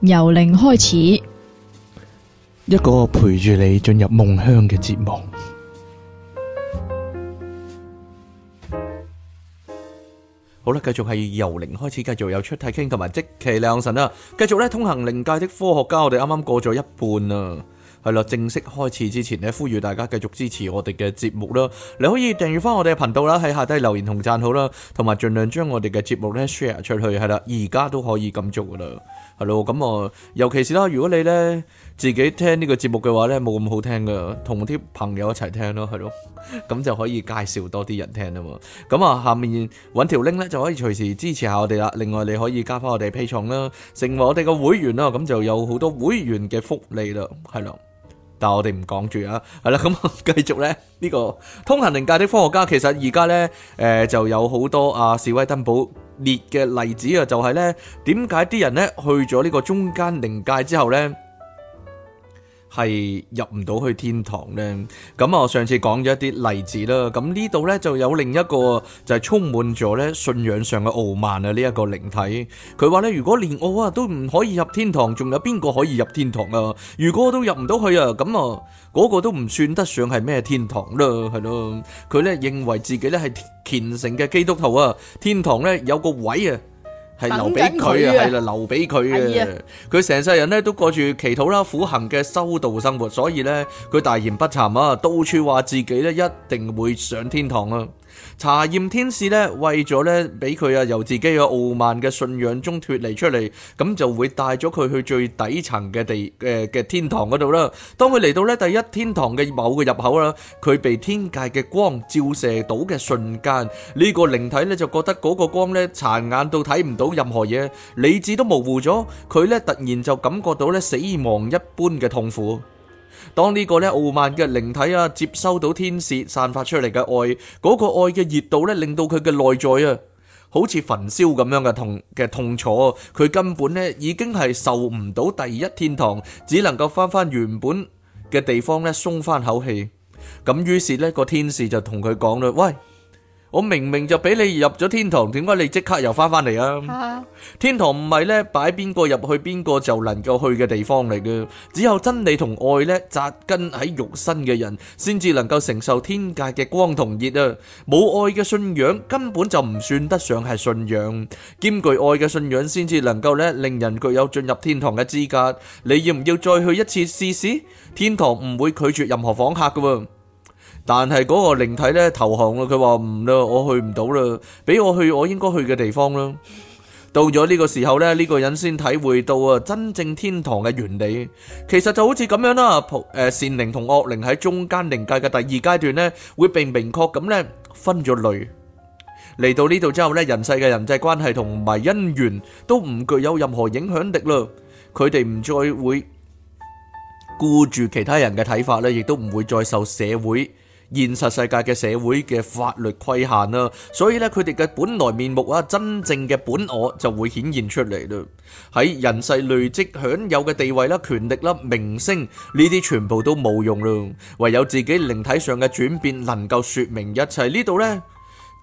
由零開始，一個陪住你進入夢鄉嘅節目。好啦，繼續係由零開始，繼續有出體傾同埋即其良神啊！繼續咧通行靈界的科學家，我哋啱啱過咗一半啊，係啦，正式開始之前呢，呼籲大家繼續支持我哋嘅節目啦。你可以訂閱翻我哋嘅頻道啦，喺下低留言同讚好啦，同埋盡量將我哋嘅節目咧 share 出去，係啦，而家都可以咁做噶啦。係咯，咁啊，尤其是啦，如果你咧自己聽呢個節目嘅話咧，冇咁好聽嘅，同啲朋友一齊聽咯，係咯，咁就可以介紹多啲人聽啦喎。咁啊，下面搵條 link 咧就可以隨時支持下我哋啦。另外你可以加翻我哋 patreon 啦，成為我哋個會員啦，咁就有好多會員嘅福利啦，係咯。但係我哋唔講住啊，係啦，咁我繼續咧呢、呢個通行靈界的科學家，其實而家咧誒就有好多阿、啊、史威登堡列嘅例子啊，就係咧點解啲人咧去咗呢個中間靈界之後咧？係入唔到去天堂呢。咁啊，我上次講咗一啲例子啦，咁呢度呢，就有另一個就係、是、充滿咗呢信仰上嘅傲慢啊！呢一個靈體，佢話呢，如果連我啊都唔可以入天堂，仲有邊個可以入天堂啊？如果我都入唔到去啊，咁啊嗰個都唔算得上係咩天堂啦，係咯？佢呢，認為自己呢係虔誠嘅基督徒啊，天堂呢，有個位啊。係留俾佢啊，係啦，留俾佢啊。佢成世人咧都過住祈禱啦、苦行嘅修道生活，所以咧佢大言不慚啊，到處話自己咧一定會上天堂啊。查驗天使咧，為咗咧俾佢啊由自己嘅傲慢嘅信仰中脫離出嚟，咁就會帶咗佢去最底層嘅地誒嘅、呃、天堂嗰度啦。當佢嚟到咧第一天堂嘅某個入口啦，佢被天界嘅光照射到嘅瞬間，呢、這個靈體咧就覺得嗰個光咧殘眼到睇唔到任何嘢，理智都模糊咗，佢咧突然就感覺到咧死亡一般嘅痛苦。當呢個咧傲慢嘅靈體啊，接收到天使散發出嚟嘅愛，嗰個愛嘅熱度咧，令到佢嘅內在啊，好似焚燒咁樣嘅痛嘅痛楚，佢根本咧已經係受唔到第一天堂，只能夠翻翻原本嘅地方咧，鬆翻口氣。咁於是呢個天使就同佢講啦：，喂！我明明就畀你入咗天堂，點解你即刻又翻返嚟啊？天堂唔係咧擺邊個入去邊個就能夠去嘅地方嚟嘅，只有真理同愛咧紮根喺肉身嘅人，先至能夠承受天界嘅光同熱啊！冇愛嘅信仰根本就唔算得上係信仰，兼具愛嘅信仰先至能夠咧令人具有進入天堂嘅資格。你要唔要再去一次試試？天堂唔會拒絕任何訪客嘅。但係嗰個靈體咧投降啦，佢話唔啦，我去唔到啦，俾我去我應該去嘅地方啦。到咗呢個時候咧，呢個人先體會到啊，真正天堂嘅原理。其實就好似咁樣啦，誒善靈同惡靈喺中間靈界嘅第二階段咧，會並明確咁咧分咗類。嚟到呢度之後咧，人世嘅人際關係同埋姻緣都唔具有任何影響力啦。佢哋唔再會顧住其他人嘅睇法咧，亦都唔會再受社會現實世界嘅社會嘅法律規限啦，所以咧佢哋嘅本來面目啊，真正嘅本我就會顯現出嚟咯。喺人世累積享有嘅地位啦、權力啦、名聲呢啲全部都冇用咯，唯有自己靈體上嘅轉變能夠說明一切。呢度呢，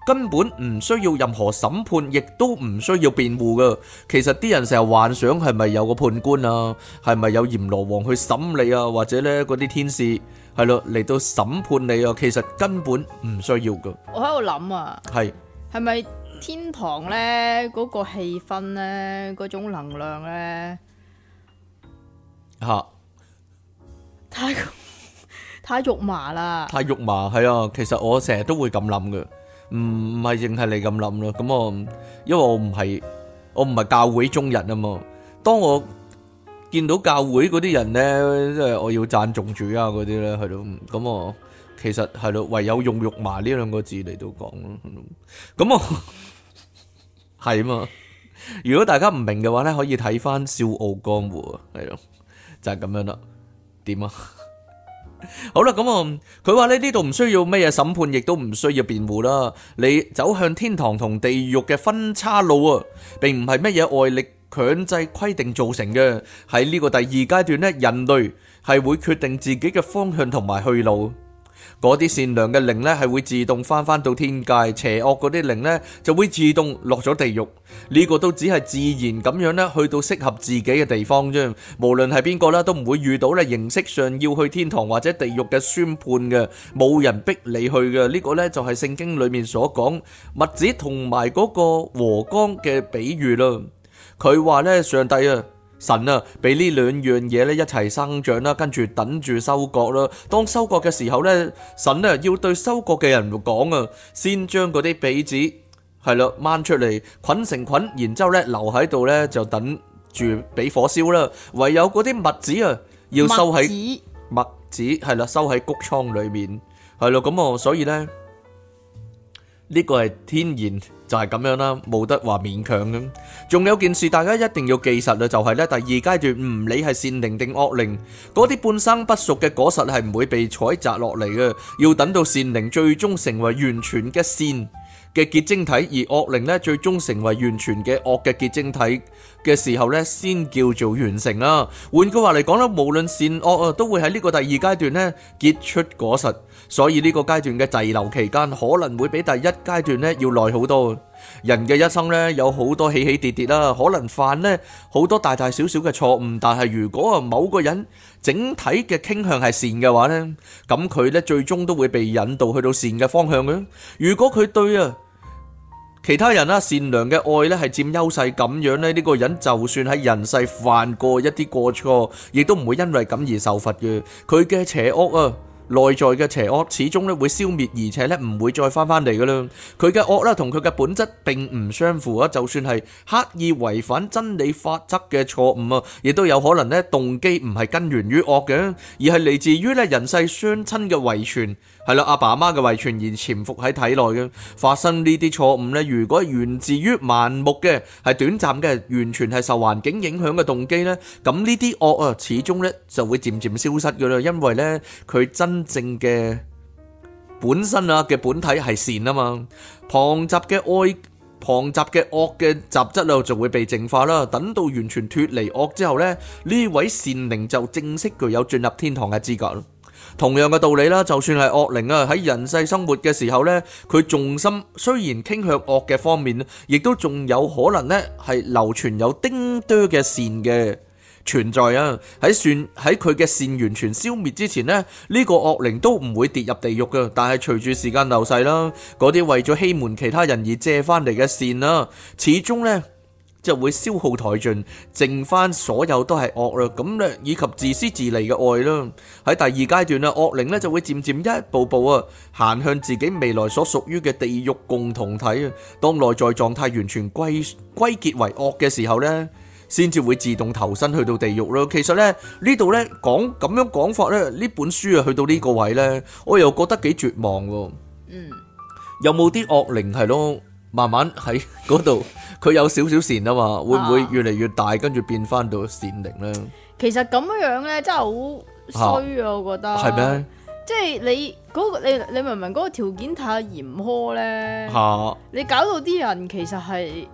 根本唔需要任何審判，亦都唔需要辯護噶。其實啲人成日幻想係咪有個判官啊，係咪有閻羅王去審理啊，或者呢嗰啲天使？係咯，嚟到審判你啊！其實根本唔需要噶。我喺度諗啊，係係咪天堂咧？嗰個氣氛咧，嗰種能量咧，嚇，太太肉麻啦！太肉麻，係啊！其實我成日都會咁諗嘅，唔唔係淨係你咁諗咯。咁我因為我唔係我唔係教會中人啊嘛，當我，見到教會嗰啲人咧，即係我要讚頌主啊嗰啲咧，係咯，咁我其實係咯，唯有用肉麻呢兩個字嚟到講咯，咁我係啊嘛。如果大家唔明嘅話咧，可以睇翻《笑傲江湖》係咯，就係咁樣啦。點啊？ 好啦，咁我佢話咧呢度唔需要咩嘢審判，亦都唔需要辯護啦。你走向天堂同地獄嘅分叉路啊，並唔係咩嘢外力。強制規定造成嘅，喺呢個第二階段呢，人類係會決定自己嘅方向同埋去路。嗰啲善良嘅靈呢係會自動翻翻到天界，邪惡嗰啲靈呢就會自動落咗地獄。呢、呢個都只係自然咁樣呢，去到適合自己嘅地方啫。無論係邊個呢，都唔會遇到呢形式上要去天堂或者地獄嘅宣判嘅，冇人逼你去嘅。呢、呢個呢，就係聖經裏面所講麥子同埋嗰個禾稈嘅比喻啦。佢話咧，上帝啊，神啊，俾呢兩樣嘢咧一齊生長啦，跟住等住收割啦。當收割嘅時候咧，神咧要對收割嘅人講啊，先將嗰啲稗子係啦掹出嚟，捆成捆，然之後咧留喺度咧就等住俾火燒啦。唯有嗰啲麥子啊，要收喺麥子係啦，收喺穀倉裏面係咯。咁啊，所以咧。呢個係天然就係、是、咁樣啦，冇得話勉強咁。仲有件事大家一定要記實啊，就係、是、咧第二階段唔理係善靈定惡靈，嗰啲半生不熟嘅果實係唔會被採摘落嚟嘅，要等到善靈最終成為完全嘅善嘅結晶體，而惡靈咧最終成為完全嘅惡嘅結晶體嘅時候咧，先叫做完成啦。換句話嚟講啦，無論善惡啊，都會喺呢個第二階段咧結出果實。所以呢個階段嘅滯留期間，可能會比第一階段咧要耐好多。人嘅一生咧有好多起起跌跌啦，可能犯咧好多大大小小嘅錯誤，但係如果啊某個人整體嘅傾向係善嘅話咧，咁佢咧最終都會被引導去到善嘅方向嘅。如果佢對啊其他人啦，善良嘅愛咧係佔優勢，咁樣咧呢個人就算喺人世犯過一啲過錯，亦都唔會因為咁而受罰嘅。佢嘅邪惡啊，內在嘅邪惡始終咧會消滅，而且咧唔會再翻翻嚟返返嚟噶啦。佢嘅惡啦同佢嘅本質並唔相符啊！就算係刻意違反真理法則嘅錯誤啊，亦都有可能咧動機唔係根源於惡嘅，而係嚟自於咧人世雙親嘅遺傳。係啦，阿爸阿媽嘅遺傳而潛伏喺體內嘅，發生呢啲錯誤呢，如果源自於盲目嘅，係短暫嘅，完全係受環境影響嘅動機呢，咁呢啲惡啊，始終呢就會漸漸消失噶啦。因為呢，佢真正嘅本身啊嘅本體係善啊嘛，龐雜嘅愛，龐雜嘅惡嘅雜質啦，就會被淨化啦。等到完全脫離惡之後呢，呢位善靈就正式具有進入天堂嘅資格。同樣嘅道理啦，就算係惡靈啊，喺人世生活嘅時候呢，佢重心雖然傾向惡嘅方面，亦都仲有可能呢係流傳有丁多嘅善嘅存在啊！喺算喺佢嘅善完全消滅之前呢，呢個惡靈都唔會跌入地獄㗎。但係隨住時間流逝啦，嗰啲為咗欺瞞其他人而借返嚟嘅善啊，始終呢，就會消耗殆盡，剩翻所有都係惡啦，咁咧，以及自私自利嘅愛啦。喺第二階段咧，惡靈咧就會漸漸一步步啊行向自己未來所屬於嘅地獄共同體啊。當內在狀態完全歸歸結為惡嘅時候咧，先至會自動投身去到地獄咯。其實咧，呢度咧，講咁樣講法咧，呢本書啊去到呢個位咧，我又覺得幾絕望喎。嗯，有冇啲惡靈係咯？慢慢喺嗰度，佢 有少少善啊嘛，啊會唔會越嚟越大，跟住變翻到善靈咧？其實咁樣樣咧，真係好衰啊！我覺得係咩？嗎即係你嗰、嗰個、你你明明嗰個條件太嚴苛咧，啊、你搞到啲人其實係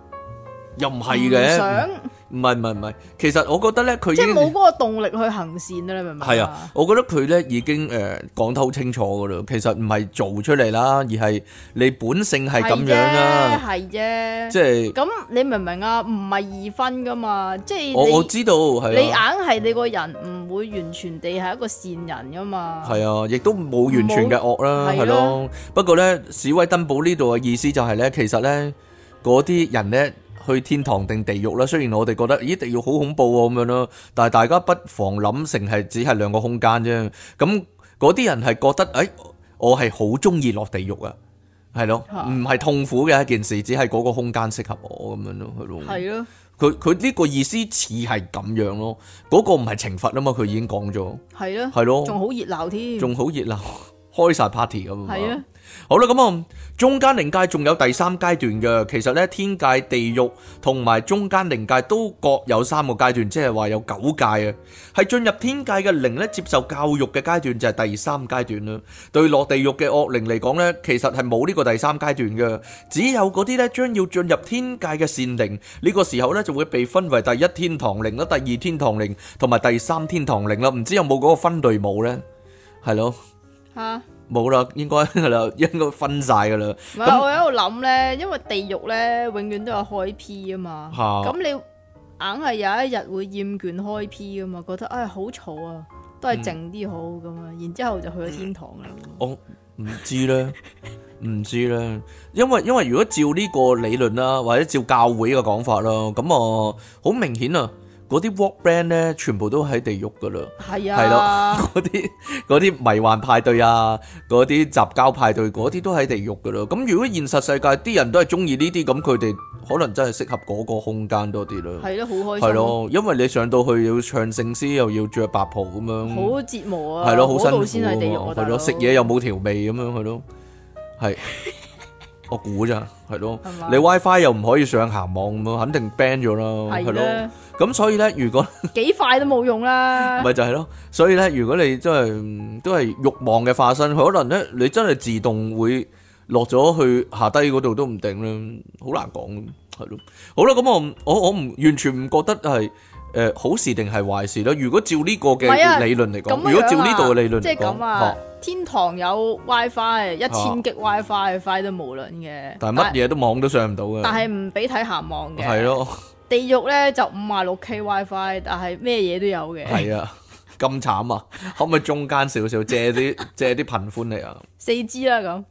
又唔係嘅想。唔係唔係唔係，其實我覺得咧，佢即係冇嗰個動力去行善啦，你明唔明？係啊，我覺得佢咧已經誒講得好清楚噶啦，其實唔係做出嚟啦，而係你本性係咁樣啦，係啫，即係咁你明唔明啊？唔係二分噶嘛，即係我我知道，你硬係你個人唔會完全地係一個善人噶嘛，係啊，亦都冇完全嘅惡啦，係咯。不過咧，史威登堡呢度嘅意思就係咧，其實咧嗰啲人咧。去天堂定地獄啦。雖然我哋覺得咦，地獄好恐怖喎，咁樣咯。但係大家不妨諗成係只係兩個空間啫。咁嗰啲人係覺得誒，我係好中意落地獄啊，係咯，唔係痛苦嘅一件事，只係嗰個空間適合我咁樣咯，係咯。係咯。佢佢呢個意思似係咁樣咯。嗰個唔係懲罰啊嘛，佢已經講咗係啦，係咯，仲好熱鬧添，仲好熱鬧。開晒 party 咁啊！係啊，好啦，咁啊，中間靈界仲有第三階段嘅。其實咧，天界、地獄同埋中間靈界都各有三個階段，即係話有九界啊。係進入天界嘅靈咧，接受教育嘅階段就係第三階段啦。對落地獄嘅惡靈嚟講咧，其實係冇呢個第三階段嘅，只有嗰啲咧將要進入天界嘅善靈呢個時候咧，就會被分為第一天堂靈啦、第二天堂靈同埋第三天堂靈啦。唔知有冇嗰個分類冇咧？係咯。吓，冇啦，應該噶啦，應該分晒噶啦。唔係，我喺度諗咧，因為地獄咧，永遠都有開 P 啊嘛。吓，咁你硬係有一日會厭倦開 P 啊嘛？覺得唉，好嘈啊，都係靜啲好咁啊。然之後就去咗天堂啦。我唔知咧，唔知咧。因為，因為如果照呢個理論啦，或者照教會嘅講法啦，咁啊好明顯啊。嗰啲 walk band 咧，全部都喺地獄噶啦，係啊，係咯， 嗰啲啲迷幻派對啊，嗰啲雜交派對，嗰啲都喺地獄噶咯。咁如果現實世界啲人都係中意呢啲，咁佢哋可能真係適合嗰個空間多啲咯。係咯、啊，好開心。係咯、啊，因為你上到去要唱聖詩，又要着白袍咁樣，好折磨啊。係咯、啊，好辛苦先喺地獄啊。係咯、啊，食嘢哥、啊、又冇調味咁樣，係咯、啊，係、啊。 我估咋，係咯，你 WiFi 又唔可以上行網咁咯，肯定 ban 咗啦，係咯，咁所以咧，如果幾快都冇用啦，咪就係咯，所以咧，如果你真係都係慾望嘅化身，可能咧你真係自動會落咗去下低嗰度都唔定啦，好難講，係咯，好啦，咁我我我唔完全唔覺得係誒好事定係壞事啦，如果照呢個嘅理論嚟講，如果照呢度嘅理論嚟講。天堂有 WiFi，一千 G WiFi，WiFi 都無論嘅。但係乜嘢都網都上唔到嘅。的 Fi，但係唔俾睇鹹網嘅。係咯。地獄咧就五廿六 K WiFi，但係咩嘢都有嘅。係啊，咁慘啊！可唔可以中間少少借啲 借啲頻寬嚟啊？四 G 啦咁。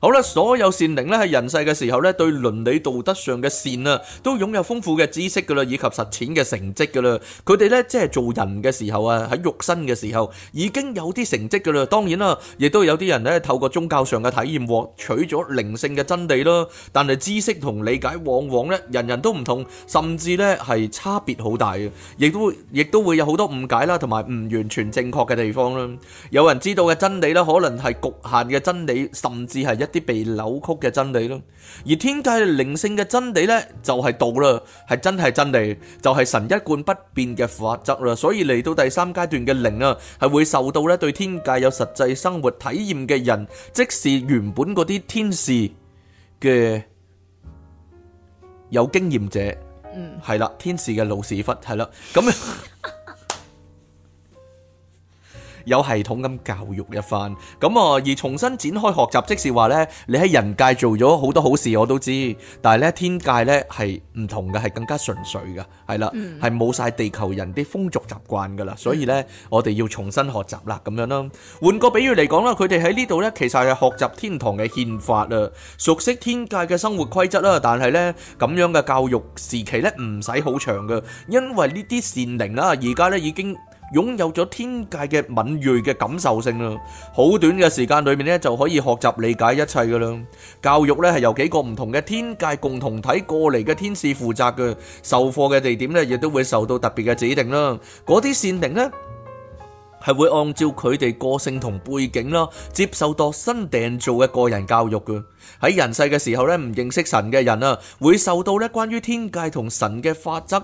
好啦，所有善靈咧喺人世嘅時候咧，對倫理道德上嘅善啊，都擁有豐富嘅知識噶啦，以及實踐嘅成績噶啦。佢哋咧即係做人嘅時候啊，喺肉身嘅時候已經有啲成績噶啦。當然啦，亦都有啲人咧透過宗教上嘅體驗獲取咗靈性嘅真理咯。但係知識同理解往往咧，人人都唔同，甚至咧係差別好大嘅。亦都亦都會有好多誤解啦，同埋唔完全正確嘅地方啦。有人知道嘅真理咧，可能係局限嘅真理，甚至。係一啲被扭曲嘅真理咯，而天界靈性嘅真理呢，就係道啦，係真係真理，就係神一貫不變嘅法則啦。所以嚟到第三階段嘅靈啊，係會受到咧對天界有實際生活體驗嘅人，即是原本嗰啲天使嘅有經驗者，嗯，係啦，天使嘅老屎忽，係啦，咁 有系統咁教育一番，咁啊而重新展開學習，即是話呢：你喺人界做咗好多好事我都知，但係呢，天界呢係唔同嘅，係更加純粹嘅，係啦，係冇晒地球人啲風俗習慣噶啦，所以呢，我哋要重新學習啦，咁樣咯。換個比喻嚟講啦，佢哋喺呢度呢，其實係學習天堂嘅憲法啊，熟悉天界嘅生活規則啦，但係呢，咁樣嘅教育時期呢，唔使好長嘅，因為呢啲善靈啦，而家呢已經擁有咗天界嘅敏銳嘅感受性。好短嘅時間裏面呢，就可以學習理解一切。教育呢，係由幾個唔同嘅天界共同體過嚟嘅天使負責嘅。授課嘅地點呢，亦都會受到特別嘅指定。嗰啲善靈呢，係會按照佢哋個性同背景啦，接受度身訂造嘅個人教育。喺人世嘅時候呢，唔認識神嘅人啊，會受到呢關於天界同神嘅法則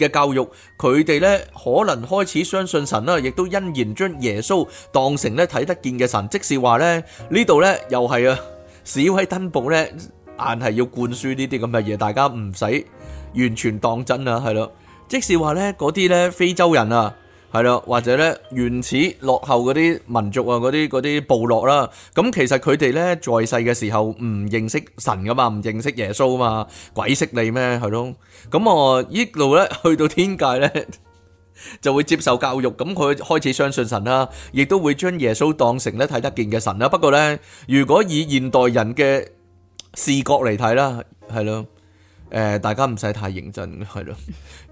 嘅教育，佢哋咧可能開始相信神啦，亦都欣然將耶穌當成咧睇得見嘅神，即是話咧呢度咧又係啊，史威登堡咧硬係要灌輸呢啲咁嘅嘢，大家唔使完全當真啊，係咯，即是話咧嗰啲咧非洲人啊。係咯，或者咧原始落後嗰啲民族啊，嗰啲嗰啲部落啦，咁其實佢哋咧在世嘅時候唔認識神噶嘛，唔認識耶穌嘛，鬼識你咩？係咯，咁我一路咧去到天界咧就會接受教育，咁佢開始相信神啦，亦都會將耶穌當成咧睇得見嘅神啦。不過咧，如果以現代人嘅視覺嚟睇啦，係咯，誒，大家唔使太認真，係咯，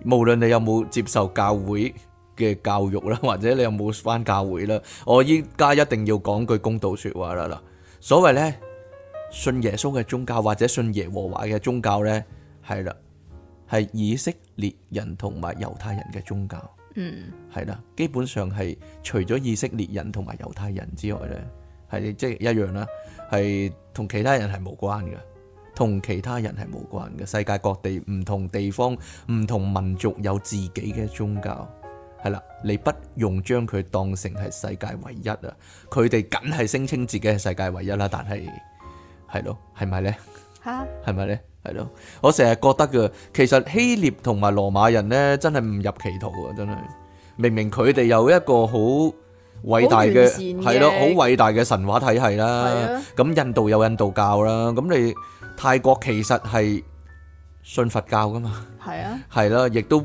無論你有冇接受教會。嘅教育啦，或者你有冇返教會啦。我依家一定要講句公道說話啦嗱，所謂咧信耶穌嘅宗教或者信耶和華嘅宗教咧，係啦，係以色列人同埋猶太人嘅宗教，嗯係啦，基本上係除咗以色列人同埋猶太人之外咧，係即係一樣啦，係同其他人係無關嘅，同其他人係無關嘅，世界各地唔同地方唔同民族有自己嘅宗教。係啦，你不用將佢當成係世界唯一啊！佢哋梗係聲稱自己係世界唯一啦，但係係咯，係咪咧？吓，係咪咧？係咯，我成日覺得噶，其實希臘同埋羅馬人咧，真係誤入歧途啊！真係，明明佢哋有一個好偉大嘅，係咯，好偉大嘅神話體系啦。咁、啊、印度有印度教啦，咁你泰國其實係信佛教噶嘛？係啊，係啦， 亦都。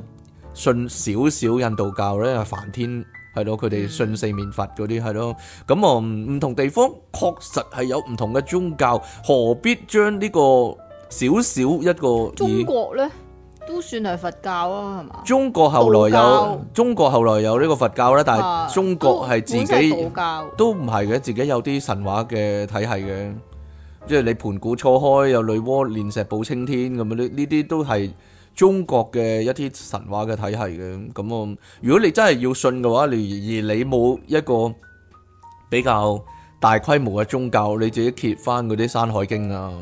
信少少印度教咧，梵天係咯，佢哋信四面佛嗰啲係咯，咁啊唔唔同地方確實係有唔同嘅宗教，何必將呢個少少一個？中國咧都算係佛教啊，係嘛？中國後來有中國後來有呢個佛教咧，但係中國係自己都唔係嘅，自己有啲神話嘅體系嘅，即係你盤古初開有女媧煉石補青天咁啊，呢呢啲都係。中國嘅一啲神話嘅體系嘅咁啊，如果你真係要信嘅話，而而你冇一個比較大規模嘅宗教，你自己揭返嗰啲《山海經》啊，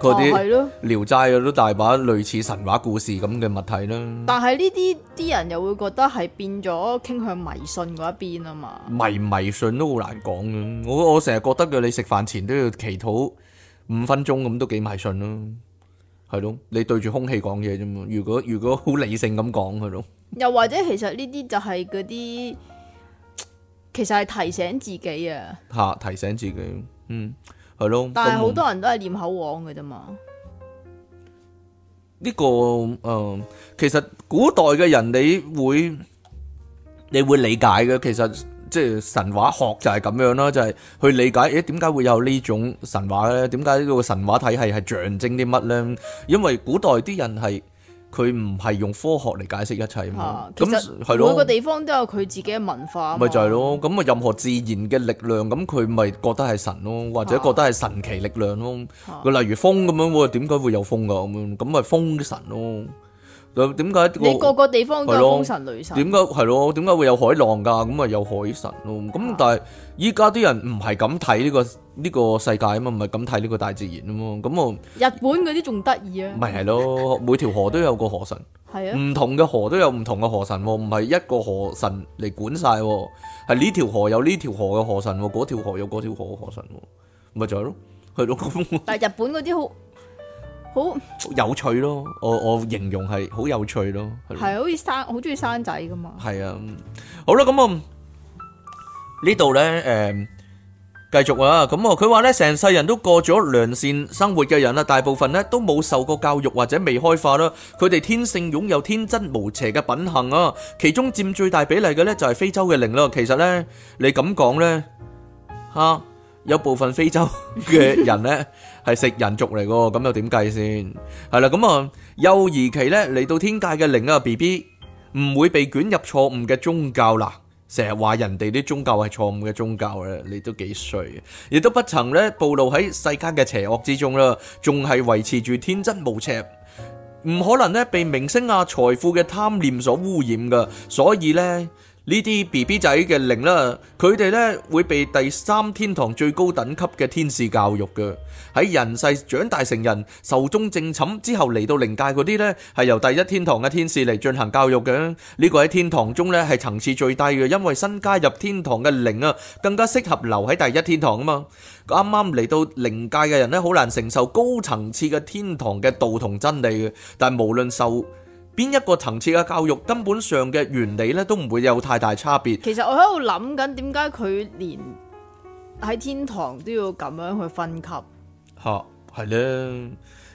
嗰啲《聊齋》啊，都大把類似神話故事咁嘅物體啦、啊。但係呢啲啲人又會覺得係變咗傾向迷信嗰一邊啊嘛。迷迷信都好難講嘅，我我成日覺得嘅，你食飯前都要祈禱五分鐘咁，都幾迷信咯、啊。係咯，你對住空氣講嘢啫嘛。如果如果好理性咁講，佢咯。又或者其實呢啲就係嗰啲，其實係提醒自己啊。吓，提醒自己，嗯，係咯。但係好多人都係念口簧嘅啫嘛。呢個誒，其實古代嘅人你會你會理解嘅，其實。即係神話學就係咁樣咯，就係、是、去理解，誒點解會有呢種神話咧？點解呢個神話體系係象徵啲乜咧？因為古代啲人係佢唔係用科學嚟解釋一切嘛。咁每個地方都有佢自己嘅文化。咪就係咯，咁啊、嗯、任何自然嘅力量，咁佢咪覺得係神咯，或者覺得係神奇力量咯。佢、啊啊、例如風咁樣喎，點解會有風㗎？咁咁咪風神咯。誒點解？這個、你個個地方都係風神雷神。點解係咯？點解會有海浪㗎？咁啊有海神咯。咁但係依家啲人唔係咁睇呢個呢、呢個世界啊嘛，唔係咁睇呢個大自然啊嘛。咁啊，日本嗰啲仲得意啊。咪係咯，每條河都有個河神。係啊，唔同嘅河都有唔同嘅河神，唔係一個河神嚟管曬，係呢條河有呢條河嘅河神，嗰條河有嗰條河嘅河神，咪就係咯，係咯 但係日本嗰啲好。好有趣咯，我我形容係好有趣咯，係啊，好似生好中意生仔噶嘛，係啊，好啦，咁啊呢度咧，誒，繼續啊，咁啊，佢話咧，成世人都過咗良善生活嘅人啊，大部分咧都冇受過教育或者未開化啦，佢哋天性擁有天真無邪嘅品行啊，其中佔最大比例嘅咧就係非洲嘅靈咯，其實咧你咁講咧，吓有部分非洲嘅人咧。係食人族嚟噶，咁又點計先？係啦，咁、嗯、啊，幼兒期呢，嚟到天界嘅另一個 B B，唔會被捲入錯誤嘅宗教啦。成日話人哋啲宗教係錯誤嘅宗教咧，你都幾衰，啊，亦都不曾咧暴露喺世間嘅邪惡之中啦。仲係維持住天真無邪，唔可能呢，被名聲啊、財富嘅貪念所污染噶。所以呢。呢啲 BB 仔嘅靈啦，佢哋咧會被第三天堂最高等級嘅天使教育嘅。喺人世長大成人、壽終正寢之後嚟到靈界嗰啲咧，係由第一天堂嘅天使嚟進行教育嘅。呢個喺天堂中咧係層次最低嘅，因為新加入天堂嘅靈啊，更加適合留喺第一天堂啊嘛。啱啱嚟到靈界嘅人咧，好難承受高層次嘅天堂嘅道同真理嘅。但係無論受。邊一個層次嘅教育，根本上嘅原理咧，都唔會有太大差別。其實我喺度諗緊，點解佢連喺天堂都要咁樣去分級？吓，啊，係咧，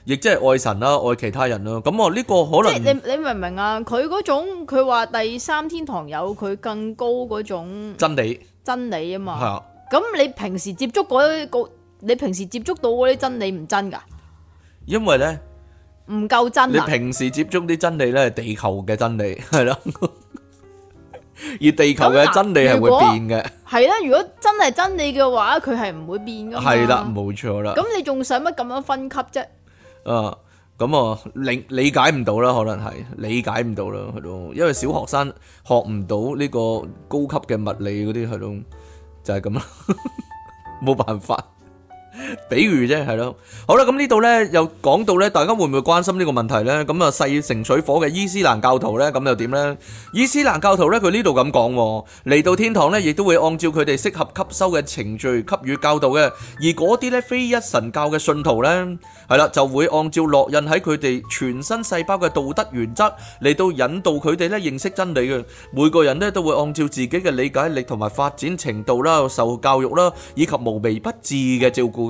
亦即係愛神啦，啊，愛其他人啦、啊。咁我呢個可能，即係你你明唔明啊？佢嗰種佢話第三天堂有佢更高嗰種真理，真理啊嘛。吓，係啊，咁你平時接觸嗰，嗰個，你平時接觸到嗰啲真理唔真噶？因為咧。唔夠真，你平時接觸啲真理咧，係地球嘅真理，係咯。 而地球嘅真理係會變嘅。係啦，如果真係真理嘅話，佢係唔會變噶。係啦，冇錯啦。咁你仲想乜咁樣分級啫？啊，咁啊理理解唔到啦，可能係理解唔到啦，係咯。因為小學生學唔到呢個高級嘅物理嗰啲，係咯，就係咁啦，冇 辦法。比喻啫，係咯，好啦，咁呢度咧又講到咧，大家會唔會關心呢個問題咧？咁啊，勢成水火嘅伊斯蘭教徒咧，咁又點咧？伊斯蘭教徒咧，佢呢度咁講，嚟到天堂咧，亦都會按照佢哋適合吸收嘅程序給予教導嘅。而嗰啲咧非一神教嘅信徒咧，係啦，就會按照烙印喺佢哋全身細胞嘅道德原則嚟到引導佢哋咧認識真理嘅。每個人咧都會按照自己嘅理解力同埋發展程度啦，受教育啦，以及無微不至嘅照顧。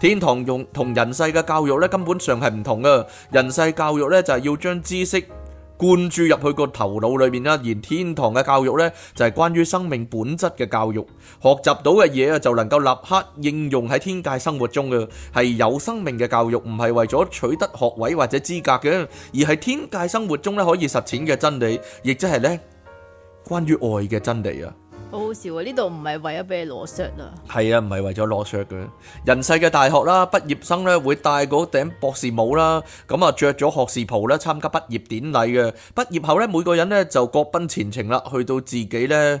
天堂用同人世嘅教育咧，根本上係唔同噶。人世教育咧就係要將知識灌注入去個頭腦裏邊啦，而天堂嘅教育咧就係關於生命本質嘅教育。學習到嘅嘢啊，就能夠立刻應用喺天界生活中噶，係有生命嘅教育，唔係為咗取得學位或者資格嘅，而係天界生活中咧可以實踐嘅真理，亦即係咧關於愛嘅真理啊。好好笑啊，呢度唔係為咗俾你攞削啊，係啊，唔係為咗攞削嘅。人世嘅大學啦，畢業生咧會戴嗰頂博士帽啦，咁啊着咗學士袍咧參加畢業典禮嘅。畢業後咧，每個人咧就各奔前程啦，去到自己咧。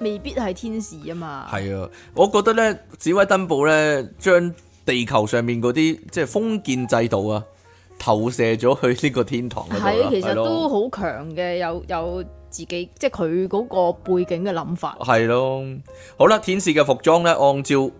未必係天使啊嘛，係啊，我覺得呢，史威登堡呢，將地球上面嗰啲即係封建制度啊投射咗去呢個天堂，係啊，其實都好強嘅，有有自己即係佢嗰個背景嘅諗法。係咯，好啦，天使嘅服裝呢，按照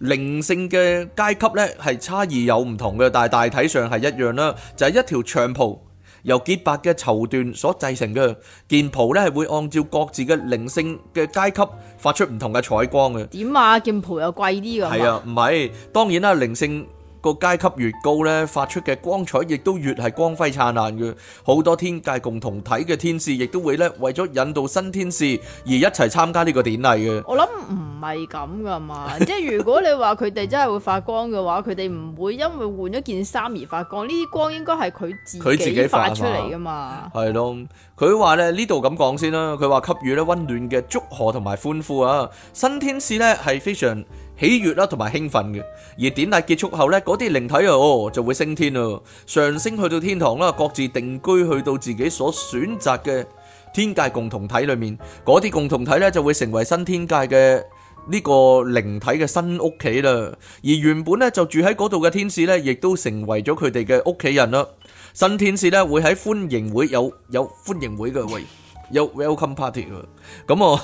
靈性嘅階級呢，係差異有唔同嘅，但係大體上係一樣啦，就係、是、一條長袍。由潔白嘅綢緞所製成嘅劍袍呢，係會按照各自嘅靈性嘅階級發出唔同嘅彩光嘅。點啊？劍袍又貴啲㗎？係啊，唔係，當然啦，靈性。個階級越高咧，發出嘅光彩亦都越係光輝燦爛嘅。好多天界共同體嘅天使，亦都會咧為咗引導新天使而一齊參加呢個典禮嘅。我諗唔係咁噶嘛， 即係如果你話佢哋真係會發光嘅話，佢哋唔會因為換咗件衫而發光。呢啲光應該係佢自己發出嚟噶嘛。係咯， 佢話咧呢度咁講先啦。佢話給予咧溫暖嘅祝賀同埋歡呼啊！新天使咧係非常。喜悅啦，同埋興奮嘅。而典禮結束後咧，嗰啲靈體啊，哦，就會升天啦，上升去到天堂啦，各自定居去到自己所選擇嘅天界共同體裏面。嗰啲共同體咧就會成為新天界嘅呢個靈體嘅新屋企啦。而原本咧就住喺嗰度嘅天使咧，亦都成為咗佢哋嘅屋企人啦。新天使咧會喺歡迎會有有歡迎會嘅喂，有 Welcome Party 嘅。咁我。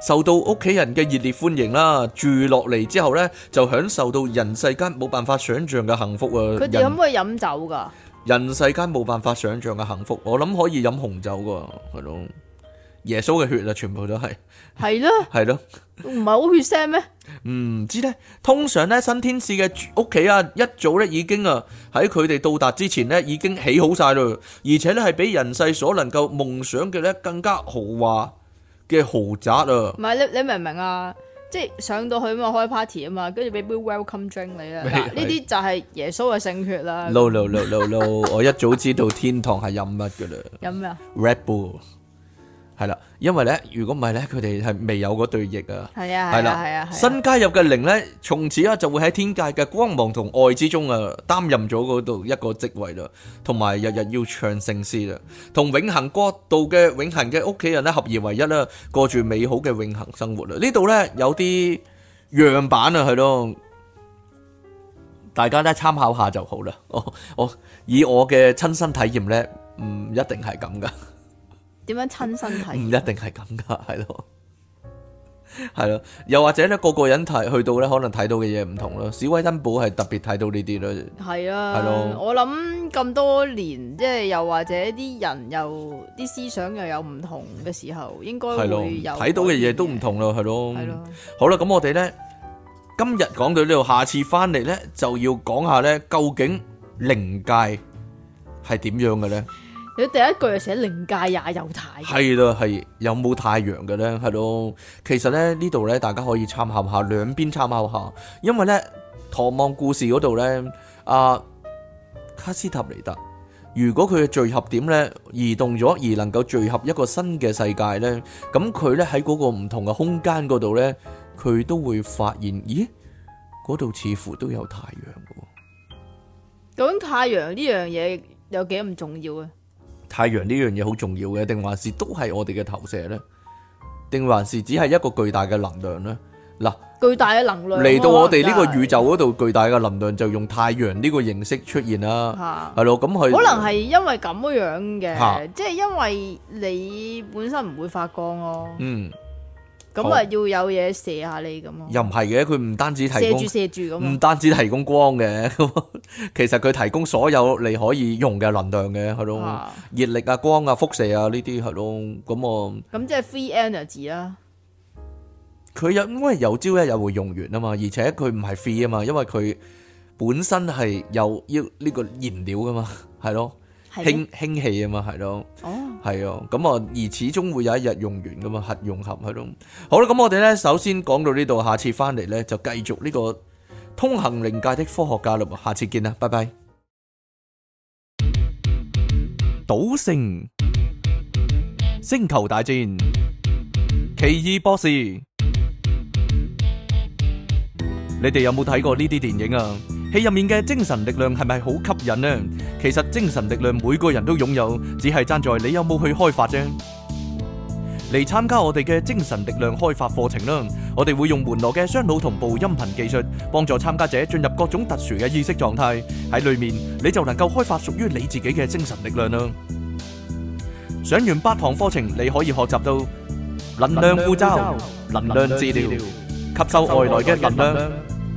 受到屋企人嘅熱烈歡迎啦，住落嚟之後呢，就享受到人世間冇辦法想象嘅幸福啊！佢哋可唔可以飲酒噶？人世間冇辦法想象嘅幸福，我諗可以飲紅酒噶，係咯？耶穌嘅血啊，全部都係係咯，係咯的，唔係好血腥咩？唔、 嗯、知呢。通常呢，新天使嘅屋企啊，一早呢已經啊喺佢哋到達之前呢已經起好晒喇，而且呢，係比人世所能夠夢想嘅呢更加豪華。嘅豪宅啊，唔係你你明唔明啊？即係上到去咁啊開 party 啊嘛，跟住俾杯 welcome drink 你啊，呢啲就係耶穌嘅聖血啦。 No no no no no， 我一早知道天堂係飲乜㗎啦。飲咩？Red Bull。係啦，因為咧，如果唔係咧，佢哋係未有嗰對翼啊？係啊，係啦，係啊，新加入嘅靈咧，從此啊就會喺天界嘅光芒同愛之中啊，擔任咗嗰度一個職位啦，同埋日日要唱聖詩啦，同永恆國度嘅永恆嘅屋企人咧合而為一啦，過住美好嘅永恆生活啦。呢度咧有啲樣板啊，係咯，大家咧參考下就好啦。我我以我嘅親身體驗咧，唔一定係咁噶。點樣親身睇？唔一定係咁噶，係咯，係咯，又或者咧，個個人睇去到咧，可能睇到嘅嘢唔同啦。史威登堡係特別睇到呢啲咯。係啊，係咯。我諗咁多年，即係又或者啲人又啲思想又有唔同嘅時候，應該係咯，睇到嘅嘢都唔同咯，係咯。係咯。好啦，咁我哋咧今日講到呢度，下次翻嚟咧就要講下咧，究竟靈界係點樣嘅咧？佢第一句又寫靈界也有太陽係啦，係有冇太陽嘅咧？係咯，其實咧呢度，咧大家可以參考下兩邊參考下，因為咧《唐望故事》呢嗰度咧，阿卡斯塔尼特，如果佢嘅聚合點咧移動咗而能夠聚合一個新嘅世界咧，咁佢咧喺嗰個唔同嘅空間嗰度咧，佢都會發現，咦，嗰度似乎都有太陽嘅。究竟太陽呢樣嘢有幾咁重要啊？太陽呢樣嘢好重要嘅，定還是都係我哋嘅投射呢？定還是只係一個巨大嘅能量呢？嗱，巨大嘅能量嚟到我哋呢個宇宙嗰度，巨大嘅能量就用太陽呢個形式出現啦。係咯的，咁佢。可能係因為咁樣嘅，即係的因為你本身唔會發光咯、啊。嗯。咁啊，要有嘢射下你咁啊！又唔係嘅，佢唔單止提供射住射住咁，唔單止提供光嘅，咁其實佢提供所有你可以用嘅能量嘅，係咯，熱力啊、光啊、輻射啊呢啲，係咯，咁啊。咁即係 free energy 啊！佢有因為有朝一日會用完啊嘛，而且佢唔係 free 啊嘛，因為佢本身係有要呢個燃料噶嘛，係咯。氫氫氣啊嘛，係咯，係哦，咁啊，而始終會有一日用完噶嘛，核融合係咯，好啦，咁我哋咧首先講到呢度，下次翻嚟咧就繼續呢個通行靈界的科學家啦，下次見啦，拜拜。賭聖、星球大戰、奇異博士，你哋有冇睇過呢啲電影啊？戲入面嘅精神力量係咪好吸引呢？其實精神力量每個人都擁有，只係站在你有冇去開發啫。嚟參加我哋嘅精神力量開發課程啦，我哋會用門羅嘅雙腦同步音頻技術，幫助參加者進入各種特殊嘅意識狀態。喺裏面你就能夠開發屬於你自己嘅精神力量啦。上完八堂課程，你可以學習到能量護罩、能量治療、吸收外來嘅能量。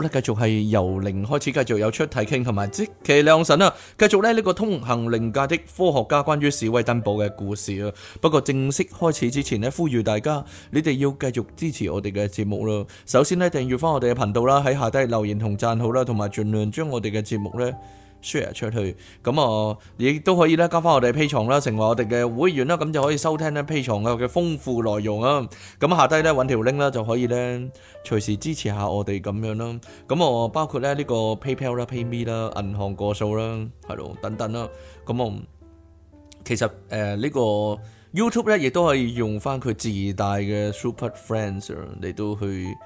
咧繼續係由零開始，繼續有出體傾同埋即其亮神啊！繼續咧呢個通行靈界的科學家關於史威登堡嘅故事啊！不過正式開始之前咧，呼籲大家你哋要繼續支持我哋嘅節目啦。首先咧，訂閱翻我哋嘅頻道啦，喺下低留言同讚好啦，同埋盡量將我哋嘅節目咧。share 出去，咁啊，亦都可以咧加翻我哋 P 藏啦，成為我哋嘅會員啦，咁就可以收聽咧 P 藏嘅嘅豐富內容啊。咁下低咧揾條 link 啦，就可以咧隨時支持下我哋咁樣啦。咁啊，包括咧呢、這個 PayPal 啦 Pay、PayMe 啦、銀行過數啦，係咯，等等啦。咁啊，其實誒、呃這個、呢個 YouTube 咧，亦都可以用翻佢自帶嘅 Super Friends 嚟到去。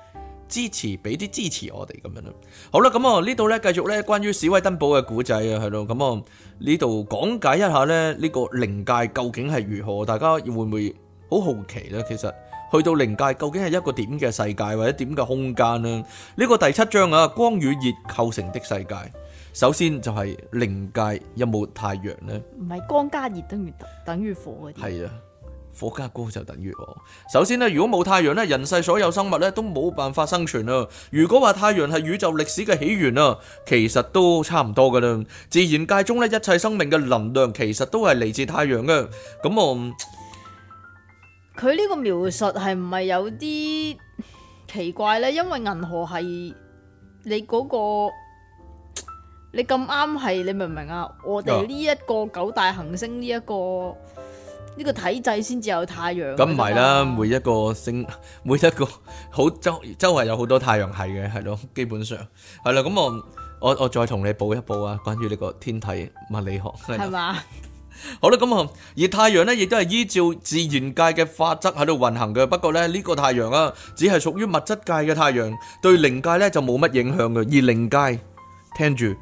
支持俾啲支持我哋咁樣咯，好啦，咁啊呢度咧繼續咧關於史威登堡嘅古仔啊，係咯，咁啊呢度講解一下咧呢個靈界究竟係如何，大家會唔會好好奇咧？其實去到靈界究竟係一個點嘅世界或者點嘅空間呢？呢呢個第七章啊，光與熱構成的世界，首先就係靈界有冇太陽咧？唔係光加熱等於等於火嘅。係啊。火家哥就等於我。首先咧，如果冇太陽咧，人世所有生物咧都冇辦法生存啊。如果話太陽係宇宙歷史嘅起源啊，其實都差唔多噶啦。自然界中咧，一切生命嘅能量其實都係嚟自太陽嘅。咁我佢呢個描述係唔係有啲奇怪呢？因為銀河系你嗰、那個你咁啱係，你明唔明啊？我哋呢一個九大行星呢、這、一個。呢個體制先至有太陽。咁唔係啦，每一個星，每一個好周周圍有好多太陽系嘅，係咯，基本上係啦。咁我我我再同你補一補啊，關於呢個天體物理學係嘛。好啦，咁啊，而太陽咧，亦都係依照自然界嘅法則喺度運行嘅。不過咧，呢個太陽啊，只係屬於物質界嘅太陽，對靈界咧就冇乜影響嘅。而靈界，聽住。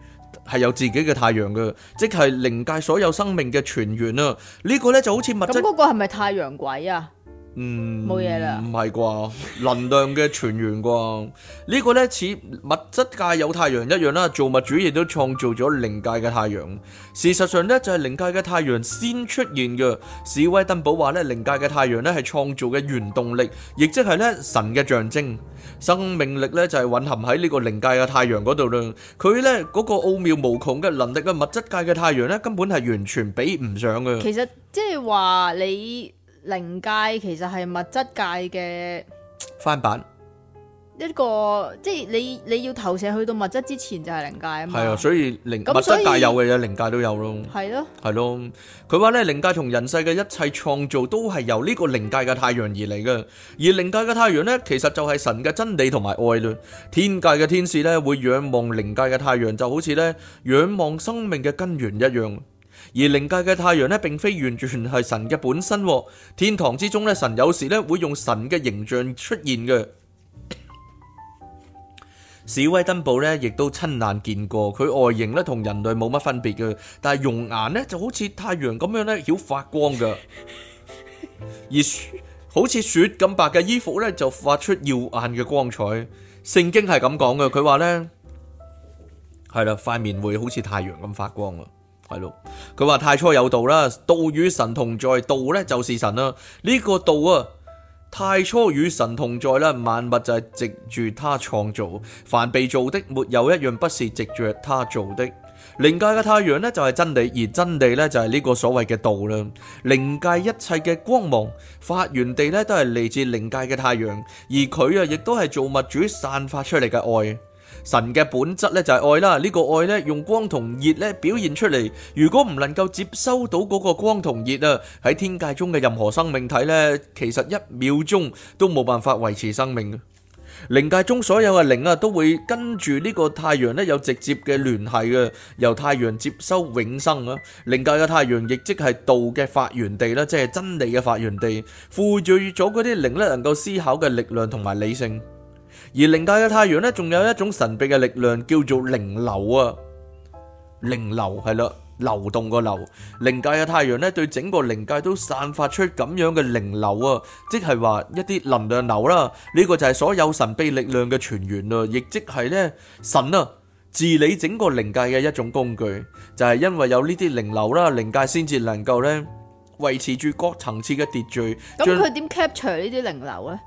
係有自己嘅太陽嘅，即係靈界所有生命嘅泉源啊。這個、呢個咧就好似物質咁，嗰個係咪太陽鬼啊？嗯，冇嘢啦，唔係啩？能量嘅傳源啩？呢個呢，似物質界有太陽一樣啦，造物主亦都創造咗靈界嘅太陽。事實上呢，就係靈界嘅太陽先出現嘅。史威登堡話呢，靈界嘅太陽呢係創造嘅原動力，亦即係呢神嘅象徵。生命力呢，就係混合喺呢個靈界嘅太陽嗰度啦。佢呢嗰個奧妙無窮嘅能力嘅物質界嘅太陽呢，根本係完全比唔上嘅。其實即係話你。靈界其實係物質界嘅翻版，一個板即係你你要投射去到物質之前就係靈界啊嘛。係啊，所以靈物質界有嘅嘢，靈界都有咯。係咯的，係咯。佢話咧，靈界同人世嘅一切創造都係由呢個靈界嘅太陽而嚟嘅。而靈界嘅太陽咧，其實就係神嘅真理同埋愛咯。天界嘅天使咧，會仰望靈界嘅太陽，就好似咧仰望生命嘅根源一樣。而靈界嘅太陽咧，並非完全係神嘅本身。天堂之中咧，神有時咧會用神嘅形象出現嘅。 史威登堡咧，亦都親眼見過，佢外形咧同人類冇乜分別嘅，但係容顏咧就好似太陽咁樣咧，曉發光嘅。 而好似雪咁白嘅衣服咧，就發出耀眼嘅光彩。聖經係咁講嘅，佢話咧係啦，塊面會好似太陽咁發光啊！係佢話太初有道啦，道與神同在，道呢就是神啦。呢個道啊，太初與神同在啦，萬物就係藉住它創造，凡被造的，沒有一樣不是藉著它造的。靈界嘅太陽呢，就係真理，而真理呢，就係呢個所謂嘅道啦。靈界一切嘅光芒、發源地呢，都係嚟自靈界嘅太陽，而佢啊亦都係造物主散發出嚟嘅愛。神嘅本質咧就係愛啦，呢、這個愛咧用光同熱咧表現出嚟。如果唔能夠接收到嗰個光同熱啊，喺天界中嘅任何生命體咧，其實一秒鐘都冇辦法維持生命嘅。靈界中所有嘅靈啊，都會跟住呢個太陽咧有直接嘅聯繫嘅，由太陽接收永生啊。靈界嘅太陽亦即係道嘅發源地啦，即係真理嘅發源地，賦予咗嗰啲靈咧能夠思考嘅力量同埋理性。而靈界嘅太陽呢，仲有一種神秘嘅力量，叫做靈流啊！靈流係啦，流動個流。靈界嘅太陽呢，對整個靈界都散發出咁樣嘅靈流啊，即係話一啲能量流啦。呢個就係所有神秘力量嘅泉源啦，亦即係呢神啊治理整個靈界嘅一種工具。就係因為有呢啲靈流啦，靈界先至能夠呢維持住各層次嘅秩序。咁佢點 capture 呢啲靈流呢？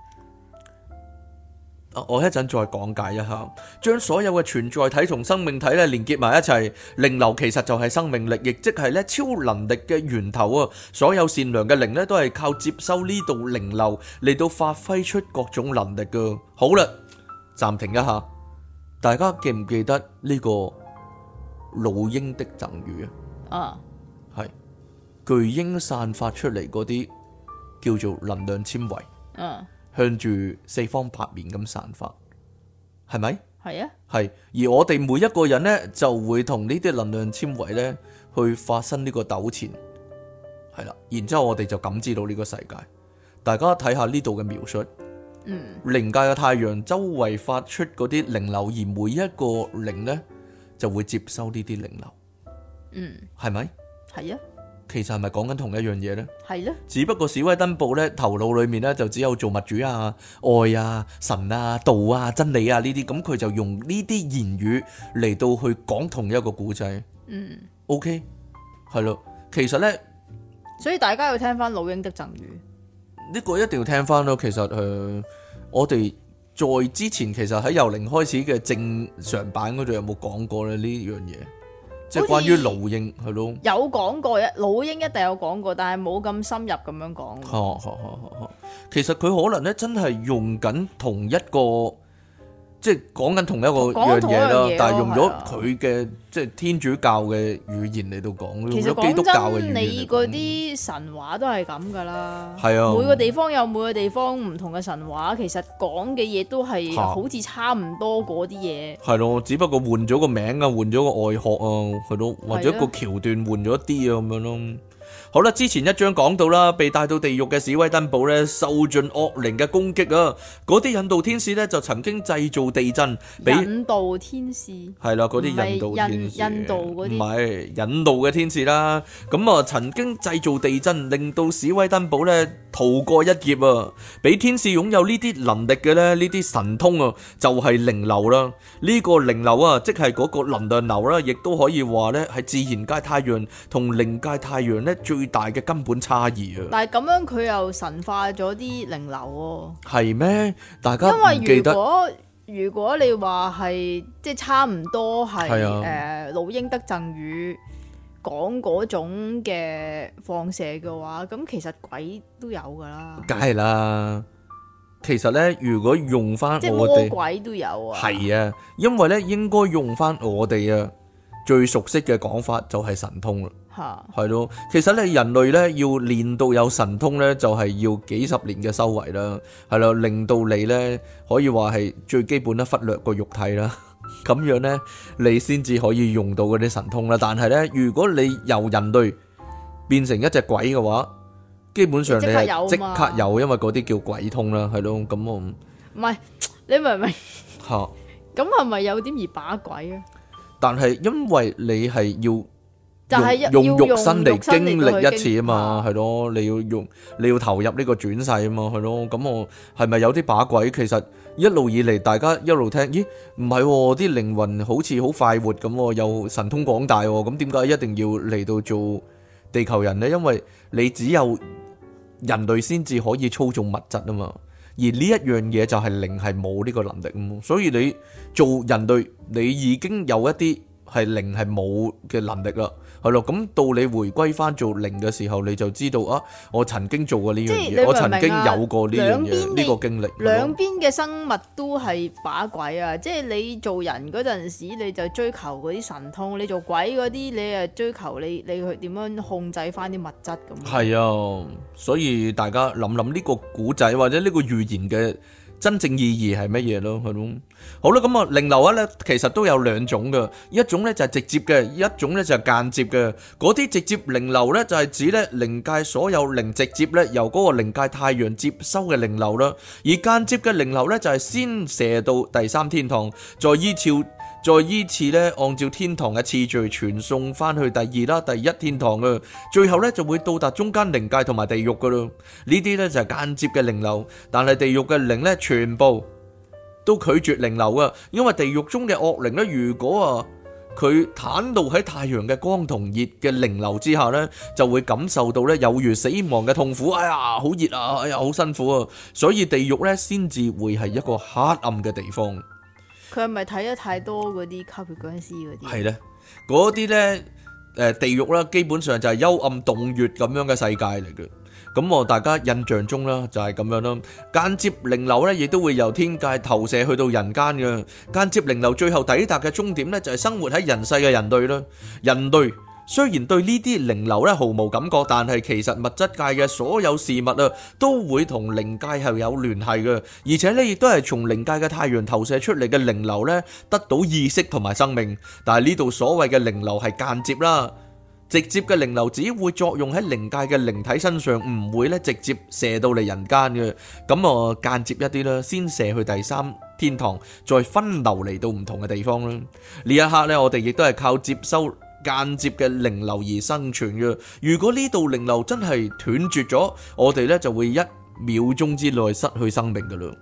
我一陣再講解一下，將所有嘅存在體同生命體咧連結埋一齊，靈流其實就係生命力，亦即係咧超能力嘅源頭啊！所有善良嘅靈咧都係靠接收呢度靈流嚟到發揮出各種能力噶。好啦，暫停一下，大家記唔記得呢個老鷹的贈語啊？啊，係巨鷹散發出嚟嗰啲叫做能量纖維。嗯。向住四方八面咁散發，係咪？係啊，係。而我哋每一個人呢，就會同呢啲能量纖維呢，去發生呢個糾纏，係啦。然之後我哋就感知到呢個世界。大家睇下呢度嘅描述，嗯，靈界嘅太陽周圍發出嗰啲靈流，而每一個靈呢，就會接收呢啲靈流，嗯，係咪吧？係啊。其實係咪講緊同一樣嘢呢？係咯，只不過史威登堡呢，頭腦裏面呢，就只有做物主啊、愛啊、神啊、道啊、真理啊呢啲，咁佢就用呢啲言語嚟到去講同一個古仔。嗯，OK，係咯，其實呢，所以大家要聽翻《老鷹的贈語》呢個一定要聽翻咯。其實誒、呃，我哋在之前其實喺由零開始嘅正常版嗰度有冇講過咧呢樣嘢？即係關於老鷹，係咯，有講過嘅，老鷹一定有講過，但係冇咁深入咁樣講。哦哦哦哦哦，其實佢可能咧真係用緊同一個。即係講緊同一個樣嘢啦，但係用咗佢嘅即係天主教嘅語言嚟到講，其實用咗基督教嘅語言。其實講真，你嗰啲神話都係咁噶啦，係啊。每個地方有每個地方唔同嘅神話，其實講嘅嘢都係好似差唔多嗰啲嘢。係咯，啊啊啊，只不過換咗個名啊，換咗個外殼啊，佢都、啊、或者一個橋段換咗啲啊咁樣咯。好啦，之前一章講到啦，被帶到地獄嘅史威登堡咧，受盡惡靈嘅攻擊啊！嗰啲引導天使咧就曾經製造地震，俾引導天使係啦，嗰啲引導天使，唔係引導嘅天使啦。咁啊，曾經製造地震，令到史威登堡咧逃過一劫啊！俾天使擁有呢啲能力嘅咧，呢啲神通啊，就係、是、靈流啦。呢、這個靈流啊，即係嗰個能量流啦，亦都可以話咧係自然界太陽同靈界太陽咧最。大嘅根本差異啊！但係咁樣佢又神化咗啲靈流哦、啊。係咩？大家因為如果如果你話係即係差唔多係誒、啊呃，老英德贈語講嗰種嘅放射嘅話，咁其實鬼都有噶啦，梗係啦。其實咧，如果用返即係魔鬼都有啊，係啊，因為咧應該用返我哋啊最熟悉嘅講法就係神通啦。係咯，其實你人類咧要練到有神通咧，就係要幾十年嘅修為啦。係啦，令到你咧可以話係最基本咧忽略個肉體啦，咁樣咧你先至可以用到嗰啲神通啦。但係咧，如果你由人類變成一隻鬼嘅話，基本上你係即刻有，即刻有，因為嗰啲叫鬼通啦。係咯，咁我唔唔係，你明唔明？吓，咁係咪有啲二把鬼啊？但係因為你係要。就係用，用肉身嚟經歷一次啊嘛，係咯、嗯，你要用，你要投入呢個轉世啊嘛，係咯，咁我係咪有啲把鬼？其實一路以嚟，大家一路聽，咦，唔係，啲靈魂好似好快活咁，又神通廣大，咁點解一定要嚟到做地球人呢？因為你只有人類先至可以操縱物質啊嘛，而呢一樣嘢就係靈係冇呢個能力，所以你做人類，你已經有一啲係靈係冇嘅能力啦。係咯，咁到你回歸翻做靈嘅時候，你就知道啊，我曾經做過呢樣嘢，我曾經有過呢樣嘢，呢個經歷。兩邊嘅生物都係把鬼啊！即係了你做人嗰陣時，你就追求嗰啲神通；你做鬼嗰啲，你誒追求你，你去點樣控制翻啲物質咁。係啊，嗯、所以大家諗諗呢個古仔或者呢個預言嘅。真正意義係乜嘢咯？係咯，好啦，咁啊，靈流咧其實都有兩種嘅，一種咧就係、是、直接嘅，一種咧就係、是、間接嘅。嗰啲直接靈流咧就係、是、指咧靈界所有靈直接咧由嗰個靈界太陽接收嘅靈流啦，而間接嘅靈流咧就係、是、先射到第三天堂，再依照。再依次咧，按照天堂嘅次序傳送返去第二啦、第一天堂嘅，最後咧就會到達中間靈界同埋地獄噶咯。呢啲咧就係間接嘅靈流，但係地獄嘅靈咧全部都拒絕靈流啊！因為地獄中嘅惡靈咧，如果啊佢坦露喺太陽嘅光同熱嘅靈流之下咧，就會感受到咧有如死亡嘅痛苦。哎呀，好熱啊！哎呀，好辛苦啊！所以地獄咧先至會係一個黑暗嘅地方。佢係咪睇得太多嗰啲吸血僵屍嗰啲？係咧，嗰啲咧，誒，地獄啦，基本上就係幽暗洞穴咁樣嘅世界嚟嘅。咁我大家印象中啦，就係咁樣囉。間接靈流咧，亦都會由天界投射去到人間嘅。間接靈流最後抵達嘅終點咧，就係生活喺人世嘅人類啦，人類。雖然對呢啲靈流咧毫無感覺，但係其實物質界嘅所有事物啊，都會同靈界係有聯繫嘅，而且呢，亦都係從靈界嘅太陽投射出嚟嘅靈流咧，得到意識同埋生命。但係呢度所謂嘅靈流係間接啦，直接嘅靈流只會作用喺靈界嘅靈體身上，唔會咧直接射到嚟人間嘅。咁啊，間接一啲啦，先射去第三天堂，再分流嚟到唔同嘅地方啦。呢一刻咧，我哋亦都係靠接收間接嘅靈流而生存嘅，如果呢度靈流真係斷絕咗，我哋咧就會一秒鐘之內失去生命噶啦。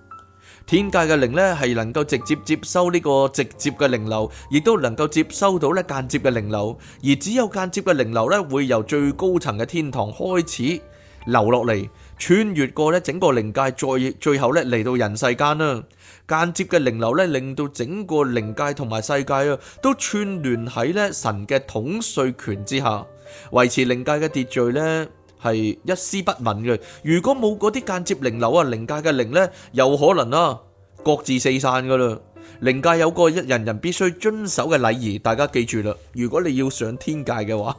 天界嘅靈咧係能夠直接接收呢個直接嘅靈流，亦都能夠接收到咧間接嘅靈流，而只有間接嘅靈流咧會由最高層嘅天堂開始流落嚟，穿越過咧整個靈界，再最，最後咧嚟到人世間啦。間接嘅靈流咧，令到整個靈界同埋世界啊，都串聯喺咧神嘅統帥權之下，維持靈界嘅秩序咧係一絲不紊嘅。如果冇嗰啲間接靈流啊，靈界嘅靈咧有可能啦、啊，各自四散噶啦。靈界有個一人人必須遵守嘅禮儀，大家記住啦，如果你要上天界嘅話。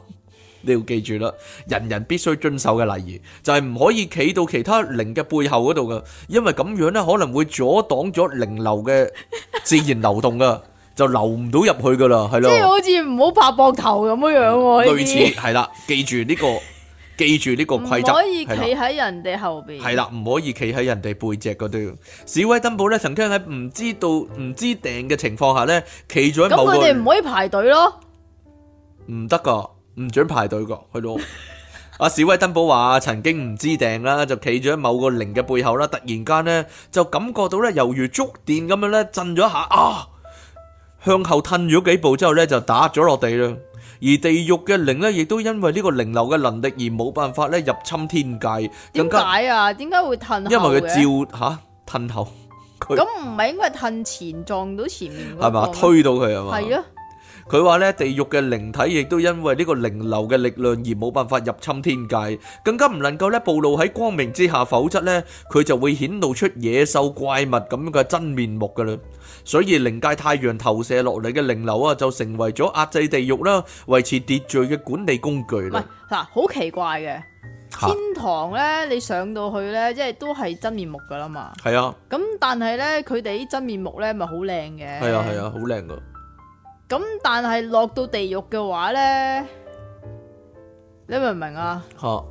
你要記住啦，人人必須遵守嘅禮儀就係、是、唔可以企到其他靈嘅背後嗰度噶，因為咁樣咧可能會阻擋咗靈流嘅自然流動噶， 就流唔到入去噶啦，係咯。即係好似唔好拍膊頭咁樣樣、嗯。類似係啦， 記住呢、這個，記住呢個規則，唔可以企喺人哋後邊。係啦，唔可以企喺人哋背脊嗰度。史威登堡咧曾經喺唔知道、唔知定嘅情況下咧，企咗咁佢哋唔可以排隊咯，唔得噶。唔准排隊噶，去到阿 史威登堡話，曾經唔知訂啦，就企咗喺某個靈嘅背後啦。突然間咧，就感覺到咧，猶如觸電咁樣咧，震咗一下啊，向後褪咗幾步之後咧，就打咗落地啦。而地獄嘅靈咧，亦都因為呢個靈流嘅能力而冇辦法咧入侵天界。點解加啊？點解會褪後？因為佢照嚇褪後，咁唔係應該褪前撞到前面、那個？係咪？推到佢啊嘛？係啊。佢話咧，地獄嘅靈體亦都因為呢個靈流嘅力量而冇辦法入侵天界，更加唔能夠咧暴露喺光明之下，否則咧佢就會顯露出野獸怪物咁樣嘅真面目噶啦。所以靈界太陽投射落嚟嘅靈流啊，就成為咗壓制地獄啦，維持秩序嘅管理工具啦。唔係嗱，好奇怪嘅天堂咧，你上到去咧，即係都係真面目噶啦嘛。係啊。咁但係咧，佢哋啲真面目咧，咪好靚嘅。係啊係啊，好靚噶。咁但係落到地獄嘅話咧，你明唔明啊？吓、啊，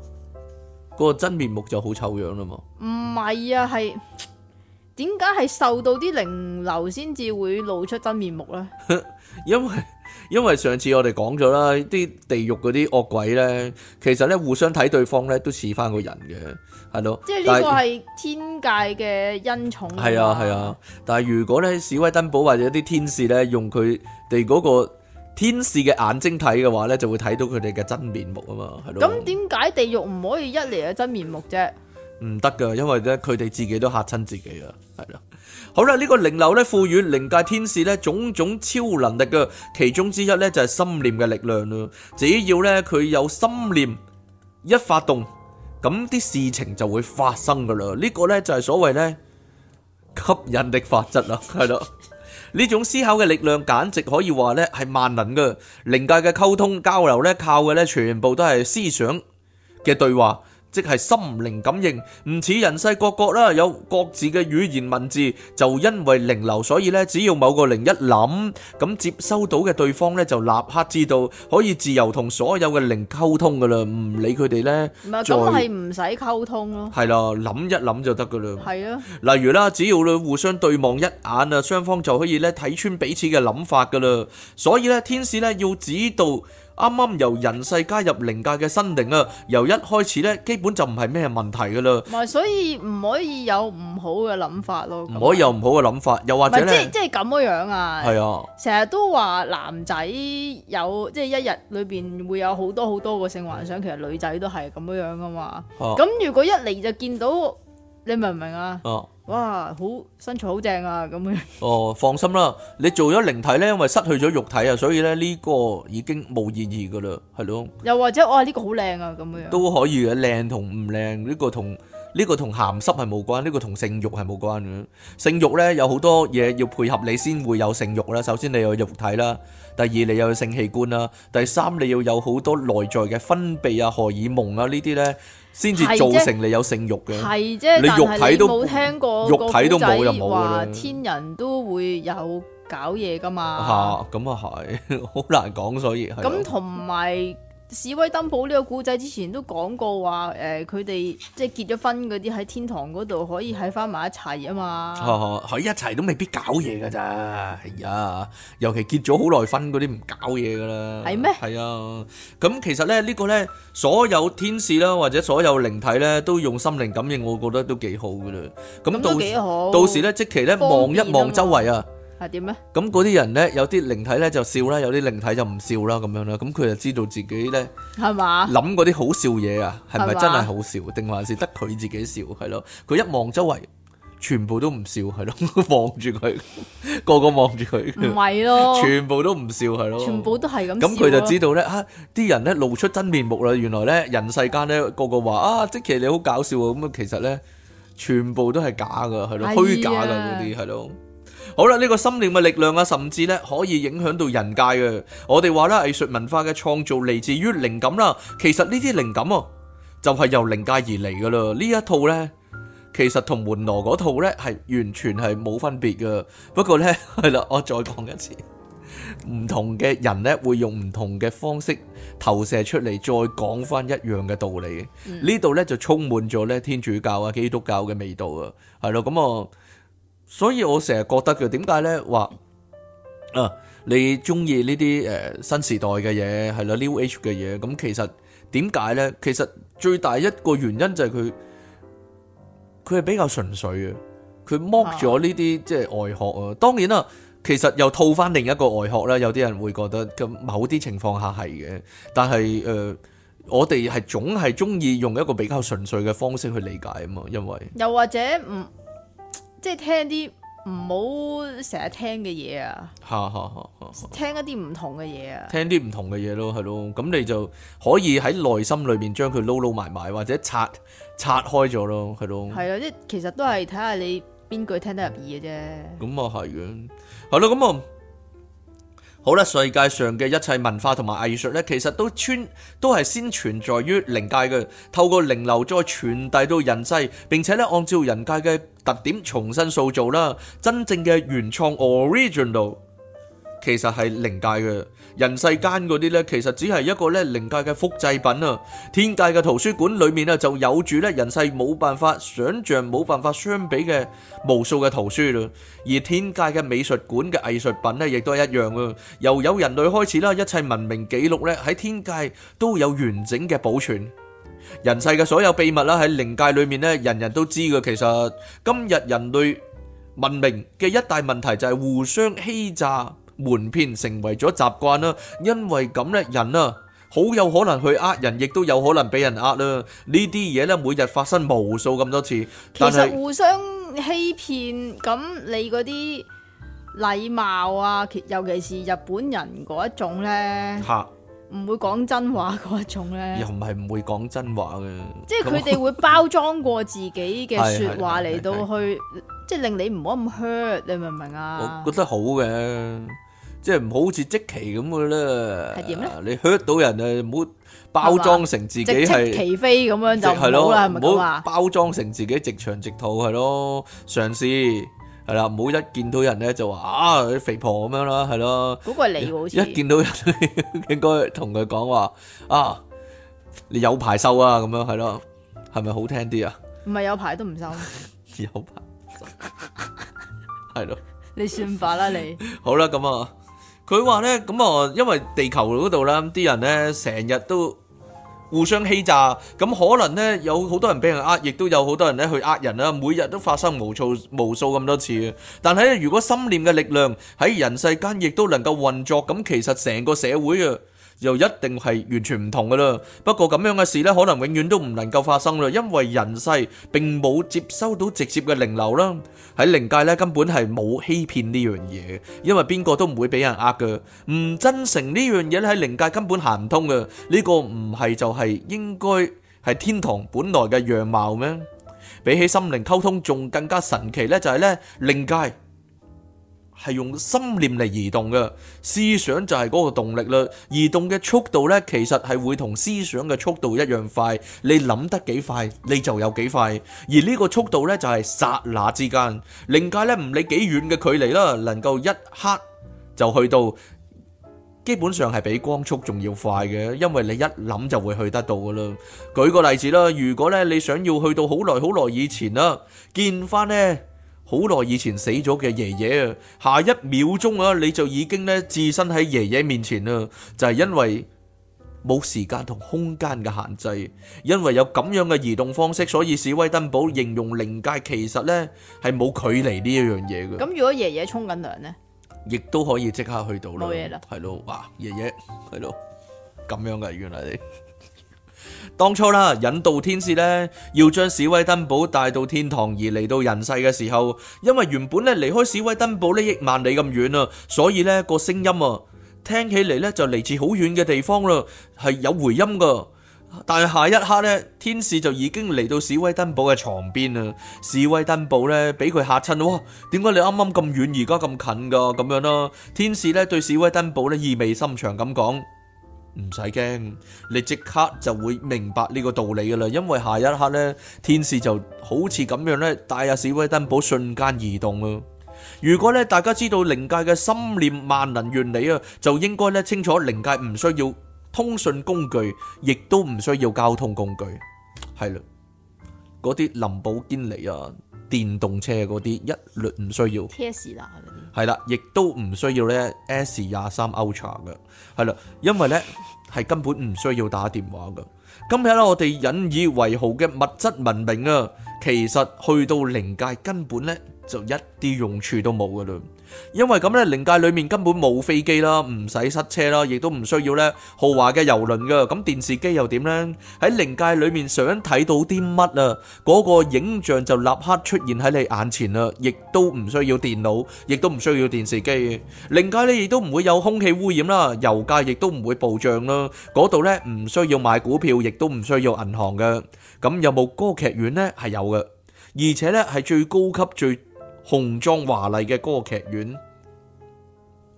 嗰個真面目就好醜樣啦嘛。唔係啊，係。點解係受到啲靈流先至會露出真面目咧？ 因為因為上次我哋講咗啦，啲地獄嗰啲惡鬼咧，其實咧互相睇對方咧都似翻個人嘅，係咯。即係呢個係天界嘅恩寵。係是但啊，係啊，但係如果咧，史威登堡或者啲天使咧，用佢哋嗰個天使嘅眼睛睇嘅話咧，就會睇到佢哋嘅真面目啊嘛，係咯。咁點解地獄唔可以一嚟嘅真面目啫？唔得噶，因為咧佢哋自己都嚇親自己啦，係咯。好啦，這個、靈呢個靈流咧賦予靈界天使咧種種超能力嘅其中之一咧就係、是、心念嘅力量啦。只要咧佢有心念一發動，咁啲事情就會發生噶啦。這個、呢個咧就係、是、所謂咧吸引力法則啦，係咯。呢 種思考嘅力量簡直可以話咧係萬能嘅。靈界嘅溝通交流咧靠嘅咧全部都係思想嘅對話。即係心靈感應，唔似人世各國啦，有各自嘅語言文字。就因為靈流，所以咧，只要某個靈一諗，咁接收到嘅對方咧，就立刻知道，可以自由同所有嘅靈溝通噶啦。唔理佢哋咧，唔係咁係唔使溝通咯。係啦，諗一諗就得噶啦。係啊。例如啦，只要你互相對望一眼啊，雙方就可以咧睇穿彼此嘅諗法噶啦。所以咧，天使咧要指導。啱啱由人世加入靈界嘅身靈啊，由一開始咧，基本就唔係咩問題噶啦。唔係，所以唔可以有唔好嘅諗法咯。唔可以有唔好嘅諗法，又或者咧，即係即係咁樣樣啊。係啊，成日都話男仔有即係一日裏邊會有好多好多個性幻想，其實女仔都係咁樣樣噶嘛。咁如果一嚟就見到，你明唔明啊？啊哇，好身材好正啊！咁樣哦，放心啦，你做咗靈體咧，因為失去咗肉體啊，所以咧呢個已經冇意義噶啦，係咯。又或者哇呢個好靚啊，咁樣都可以嘅，靚同唔靚呢個同呢個同咸濕係冇關，呢個同性欲係冇關嘅。性欲咧有好多嘢要配合你先會有性欲啦，首先你有肉體啦，第二你有性器官啦，第三你要有好多內在嘅分泌啊、荷爾蒙啊呢啲咧，先至造成你有性欲嘅，係即係，但係你冇聽過，肉體都冇就冇啦。天人都會有搞嘢㗎嘛？嚇、啊，咁啊係，好 難講，所以係。咁同埋。史威登堡呢個故仔之前都講過話，誒佢哋即係結咗婚嗰啲喺天堂嗰度可以喺返埋一齊啊嘛，喺一齊都未必搞嘢㗎咋，係啊，尤其結咗好耐婚嗰啲唔搞嘢㗎啦，係咩？係啊，咁其實咧呢個咧所有天使啦或者所有靈體咧都用心靈感應，我覺得都幾好㗎啦，咁到到時咧即其咧望一望周圍啊。係點咧？咁嗰啲人咧，有啲靈體咧就笑啦，有啲靈體就唔笑啦，咁樣啦。咁佢就知道自己咧，係嘛諗嗰啲好笑嘢，啊，係咪真係好笑，定還是得佢自己笑？係咯，佢一望周圍，全部都唔笑，係咯，望住佢，個個望住佢，咪咯，全部都唔笑，係咯，全部都係咁。咁佢就知道咧，啊啲人咧露出真面目啦。原來咧人世間咧個個話啊，即係其實你好搞笑啊。咁啊，其實咧全部都係假噶，係咯，虛假噶嗰啲，係咯。好啦，呢個心靈嘅力量啊，甚至咧可以影響到人界嘅。我哋話啦，藝術文化嘅創造嚟自於靈感啦。其實呢啲靈感哦，就係由靈界而嚟噶啦。呢一套咧，其實同門羅嗰套咧係完全係冇分別嘅。不過咧，係啦，我再講一次，唔同嘅人咧會用唔同嘅方式投射出嚟，再講翻一樣嘅道理。呢度咧就充滿咗咧天主教啊、基督教嘅味道啊。係咯，咁我。所以我成日覺得佢點解咧話，啊，你中意呢啲誒新時代嘅嘢係啦，New Age 嘅嘢咁，其實點解咧？其實最大一個原因就係佢，佢係比較純粹嘅，佢剝咗呢啲即係外殼啊。當然啦，其實又套返另一個外殼啦。有啲人會覺得咁，某啲情況下係嘅，但係誒、呃，我哋係總係中意用一個比較純粹嘅方式去理解啊嘛，因為又或者唔。即係聽啲唔好成日聽嘅嘢啊，係係係聽一啲唔同嘅嘢啊，聽啲唔同嘅嘢咯，係咯，咁你就可以喺內心裏面將佢撈撈埋埋，或者拆拆開咗咯，係咯，係啊，即其實都係睇下你邊句聽得入耳嘅啫。咁啊係嘅，係咯，咁啊好啦，世界上嘅一切文化同埋藝術咧，其實都穿都係先存在於靈界嘅，透過靈流再傳遞到人世，並且咧按照人界嘅特點重新塑造啦，真正嘅原創 original 其實係靈界嘅人世間嗰啲咧，其實只係一個咧靈界嘅複製品啊！天界嘅圖書館裏面呢，就有住咧人世冇辦法想像、冇辦法相比嘅無數嘅圖書啦，而天界嘅美術館嘅藝術品咧，亦都係一樣啊！由有人類開始啦，一切文明記錄咧喺天界都有完整嘅保存。人世嘅所有秘密啦，喺靈界裏面咧，人人都知嘅。其實今日人類文明嘅一大問題就係互相欺詐、瞞騙成為咗習慣啦。因為咁咧，人啊好有可能去呃人，亦都有可能俾人呃啦。呢啲嘢咧，每日發生無數咁多次。其實互相欺騙，咁你嗰啲禮貌啊，尤其是日本人嗰一種咧。唔會講真話嗰一種咧，又唔係唔會講真話嘅，即係佢哋會包裝過自己嘅說話嚟到去， 是是是是，即係令你唔好咁 hurt，你明唔明啊？我覺得好嘅，即係唔好似即期咁嘅啦，係點咧？你 hurt 到人啊，唔好包裝成自己係吧直翅奇飛咁樣就唔好啦，係咪唔好包裝成自己直腸直肚係咯，上司。係啦，唔好一見到人咧就話啊啲肥婆咁樣啦，係咯。嗰個係你好似。一見到人應該同佢講話啊，你有排收啊，咁樣係咯，係咪好聽啲啊？唔係有排都唔收。有排。係咯。你算法啦你。好啦，咁啊，佢話咧，咁啊，因為地球嗰度咧，啲人咧成日都。互相欺詐，咁可能呢，有好多人畀人呃，亦都有好多人呢去呃人啦。每日都發生無數無數咁多次，但係呢，如果心念嘅力量喺人世間，亦都能夠運作，咁其實成個社會啊，就一定係完全唔同噶啦。不過咁樣嘅事呢，可能永遠都唔能夠發生啦，因為人世並冇接收到直接嘅靈流啦。喺靈界呢，根本係冇欺騙呢樣嘢，因為邊個都唔會俾人呃噶。唔真誠呢樣嘢喺靈界根本行唔通噶。呢、這個唔係就係應該係天堂本來嘅樣貌咩？比起心靈溝通仲更加神奇呢，就係、是、呢靈界。係用心念嚟移動嘅，思想就係嗰個動力啦。移動嘅速度呢，其實係會同思想嘅速度一樣快。你諗得幾快，你就有幾快。而呢個速度呢，就係剎那之間，靈界呢，唔理幾遠嘅距離啦，能夠一刻就去到。基本上係比光速仲要快嘅，因為你一諗就會去得到噶啦。舉個例子啦，如果呢你想要去到好耐好耐以前啦，見翻呢。好耐以前死咗嘅爺爺啊，下一秒鐘啊，你就已經咧置身喺爺爺面前啦，就係因為冇時間同空間嘅限制，因為有咁樣嘅移動方式，所以史威登堡形容靈界其實咧係冇距離呢一樣嘢嘅。咁如果爺爺沖緊涼呢，亦都可以即刻去到咯，係咯，哇，爺爺係咯咁樣嘅，原來你。當初啦，引導天使咧，要將史威登堡帶到天堂而嚟到人世嘅時候，因為原本咧離開史威登堡呢億萬里咁遠啊，所以咧個聲音啊，聽起嚟咧就嚟自好遠嘅地方啦，係有回音噶。但係下一刻咧，天使就已經嚟到史威登堡嘅床邊啊。史威登堡咧俾佢嚇親，哇！點解你啱啱咁遠，而家咁近噶？咁樣咯，天使咧對史威登堡咧意味深長咁講。唔使驚，你即刻就會明白呢個道理噶啦，因為下一刻咧，天使就好似咁樣咧，帶阿史威登堡瞬間移動啊！如果咧大家知道靈界嘅心念萬能原理啊，就應該咧清楚靈界唔需要通訊工具，亦都唔需要交通工具，係啦，嗰啲林寶堅尼啊，電動車嗰啲一律唔需要。天使啦。係啦，亦都唔需要咧 S 廿三 Ultra 嘅，係啦，因為咧係根本唔需要打電話嘅。今日咧，我哋引以為豪嘅物質文明啊，其實去到靈界根本咧就一啲用處都冇㗎啦。因為咁咧，靈界裏面根本冇飛機啦，唔使塞車啦，亦都唔需要咧豪華嘅遊輪噶。咁電視機又點咧？喺靈界裏面想睇到啲乜啊？嗰個影像就立刻出現喺你眼前啦，亦都唔需要電腦，亦都唔需要電視機。靈界咧亦都唔會有空氣污染啦，油價亦都唔會暴漲啦。嗰度咧唔需要買股票，亦都唔需要銀行嘅。咁有冇歌劇院咧？係有嘅，而且咧係最高級最。宏壯華麗嘅歌劇院，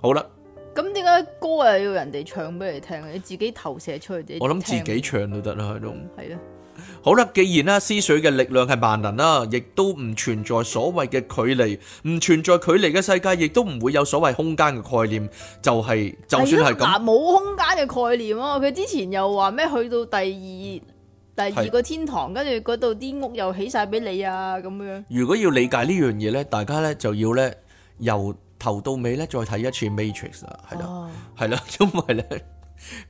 好啦。咁點解歌又要人哋唱俾你聽？你自己投射出去啫。自己我諗自己唱都得啦，係咯。係啊、嗯。好啦，既然啦，思緒嘅力量係萬能啦，亦都唔存在所謂嘅距離，唔存在距離嘅世界，亦都唔會有所謂空間嘅概念，就係、是、就算係咁。冇空間嘅概念咯、啊。佢之前又話咩？去到第二。嗯第二個天堂，跟住嗰度啲屋又起晒俾你啊咁樣。如果要理解呢樣嘢呢，大家呢就要呢由頭到尾呢再睇一次《Matrix》啊，係啦，係啦，因為呢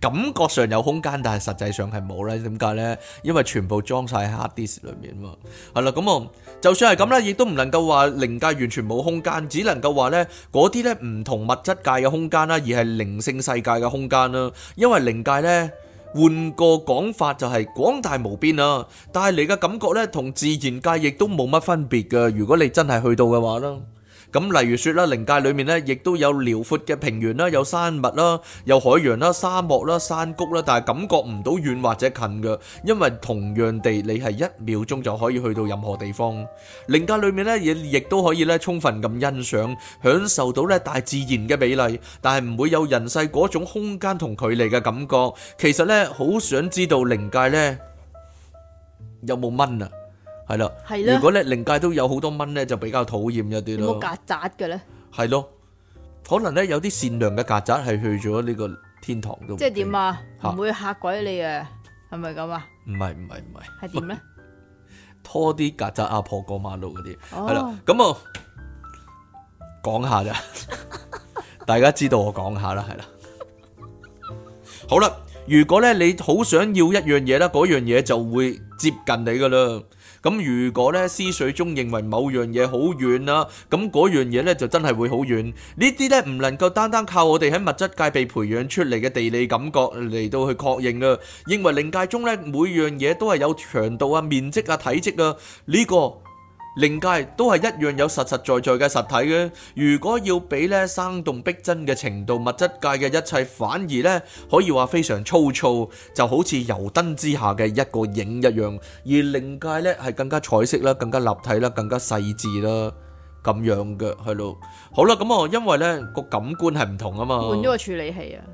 感覺上有空間，但係實際上係冇呢。點解呢？因為全部裝晒喺《Hard Disc》裏面嘛。係啦，咁啊，就算係咁啦，嗯、亦都唔能夠話靈界完全冇空間，只能夠話呢嗰啲呢唔同物質界嘅空間啦，而係靈性世界嘅空間啦。因為靈界呢。換個講法就係，是，廣大無邊啦，啊，帶嚟嘅感覺咧，同自然界亦都冇乜分別嘅。如果你真係去到嘅話啦。咁例如說啦，靈界裏面咧，亦都有遼闊嘅平原啦，有山脈啦，有海洋啦，沙漠啦，山谷啦，但係感覺唔到遠或者近嘅，因為同樣地，你係一秒鐘就可以去到任何地方。靈界裏面咧，也亦都可以咧，充分咁欣賞享受到咧大自然嘅美麗，但係唔會有人世嗰種空間同距離嘅感覺。其實咧，好想知道靈界咧有冇蚊啊？係啦，如果咧靈界都有好多蚊咧，就比較討厭一啲咯。冇曱甴嘅咧，係咯，可能咧有啲善良嘅曱甴係去咗呢個天堂咁。即係點啊？唔會嚇鬼你啊？係咪咁啊？唔係唔係唔係，係點咧？拖啲曱甴阿婆過馬路嗰啲，係啦，咁啊，講下咋？大家知道我講下啦，係啦。好啦，如果咧你好想要一樣嘢咧，嗰樣嘢就會接近你噶啦。咁如果咧思緒中認為某樣嘢好遠啦，咁嗰樣嘢咧就真係會好遠。呢啲咧唔能夠單單靠我哋喺物質界被培養出嚟嘅地理感覺嚟到去確認啊！認為靈界中咧每樣嘢都係有長度啊、面積啊、體積啊，呢、這個。靈界都係一樣有實實在在嘅實體嘅，如果要比咧生動逼真嘅程度，物質界嘅一切反而咧可以話非常粗糙，就好似油燈之下嘅一個影一樣。而靈界咧係更加彩色啦，更加立體啦，更加細緻啦，咁樣嘅係咯。好啦，咁啊，因為咧個感官係唔同啊嘛。換咗個處理器啊！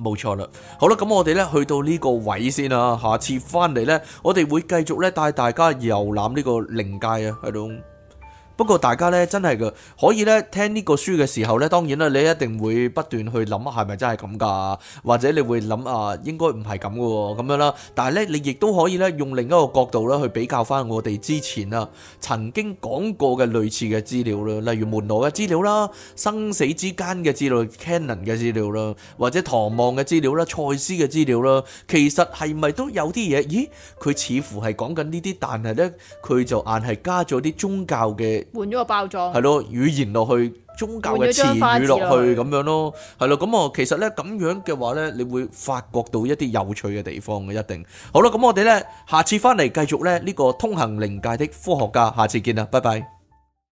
冇錯啦，好啦，咁我哋咧去到呢個位先啦，下次翻嚟咧，我哋會繼續咧帶大家遊覽呢個靈界啊，係咯。不過大家咧真係嘅，可以咧聽呢個書嘅時候咧，當然啦，你一定會不斷去諗係咪真係咁㗎，或者你會諗啊，應該唔係咁嘅喎，咁樣啦。但係咧，你亦都可以咧用另一個角度咧去比較返我哋之前啊曾經講過嘅類似嘅資料啦，例如門羅嘅資料啦、生死之間嘅資料、Canon 嘅資料啦，或者唐望嘅資料啦、賽斯嘅資料啦，其實係咪都有啲嘢？咦，佢似乎係講緊呢啲，但係咧佢就硬係加咗啲宗教嘅。換咗個包裝，係咯，語言落去宗教嘅詞語落去咁樣咯，係咯，咁啊，其實呢，咁樣嘅話呢，你會發覺到一啲有趣嘅地方嘅一定。好啦，咁我哋呢，下次翻嚟繼續呢，呢個通行靈界的科學家，下次見啦，拜拜。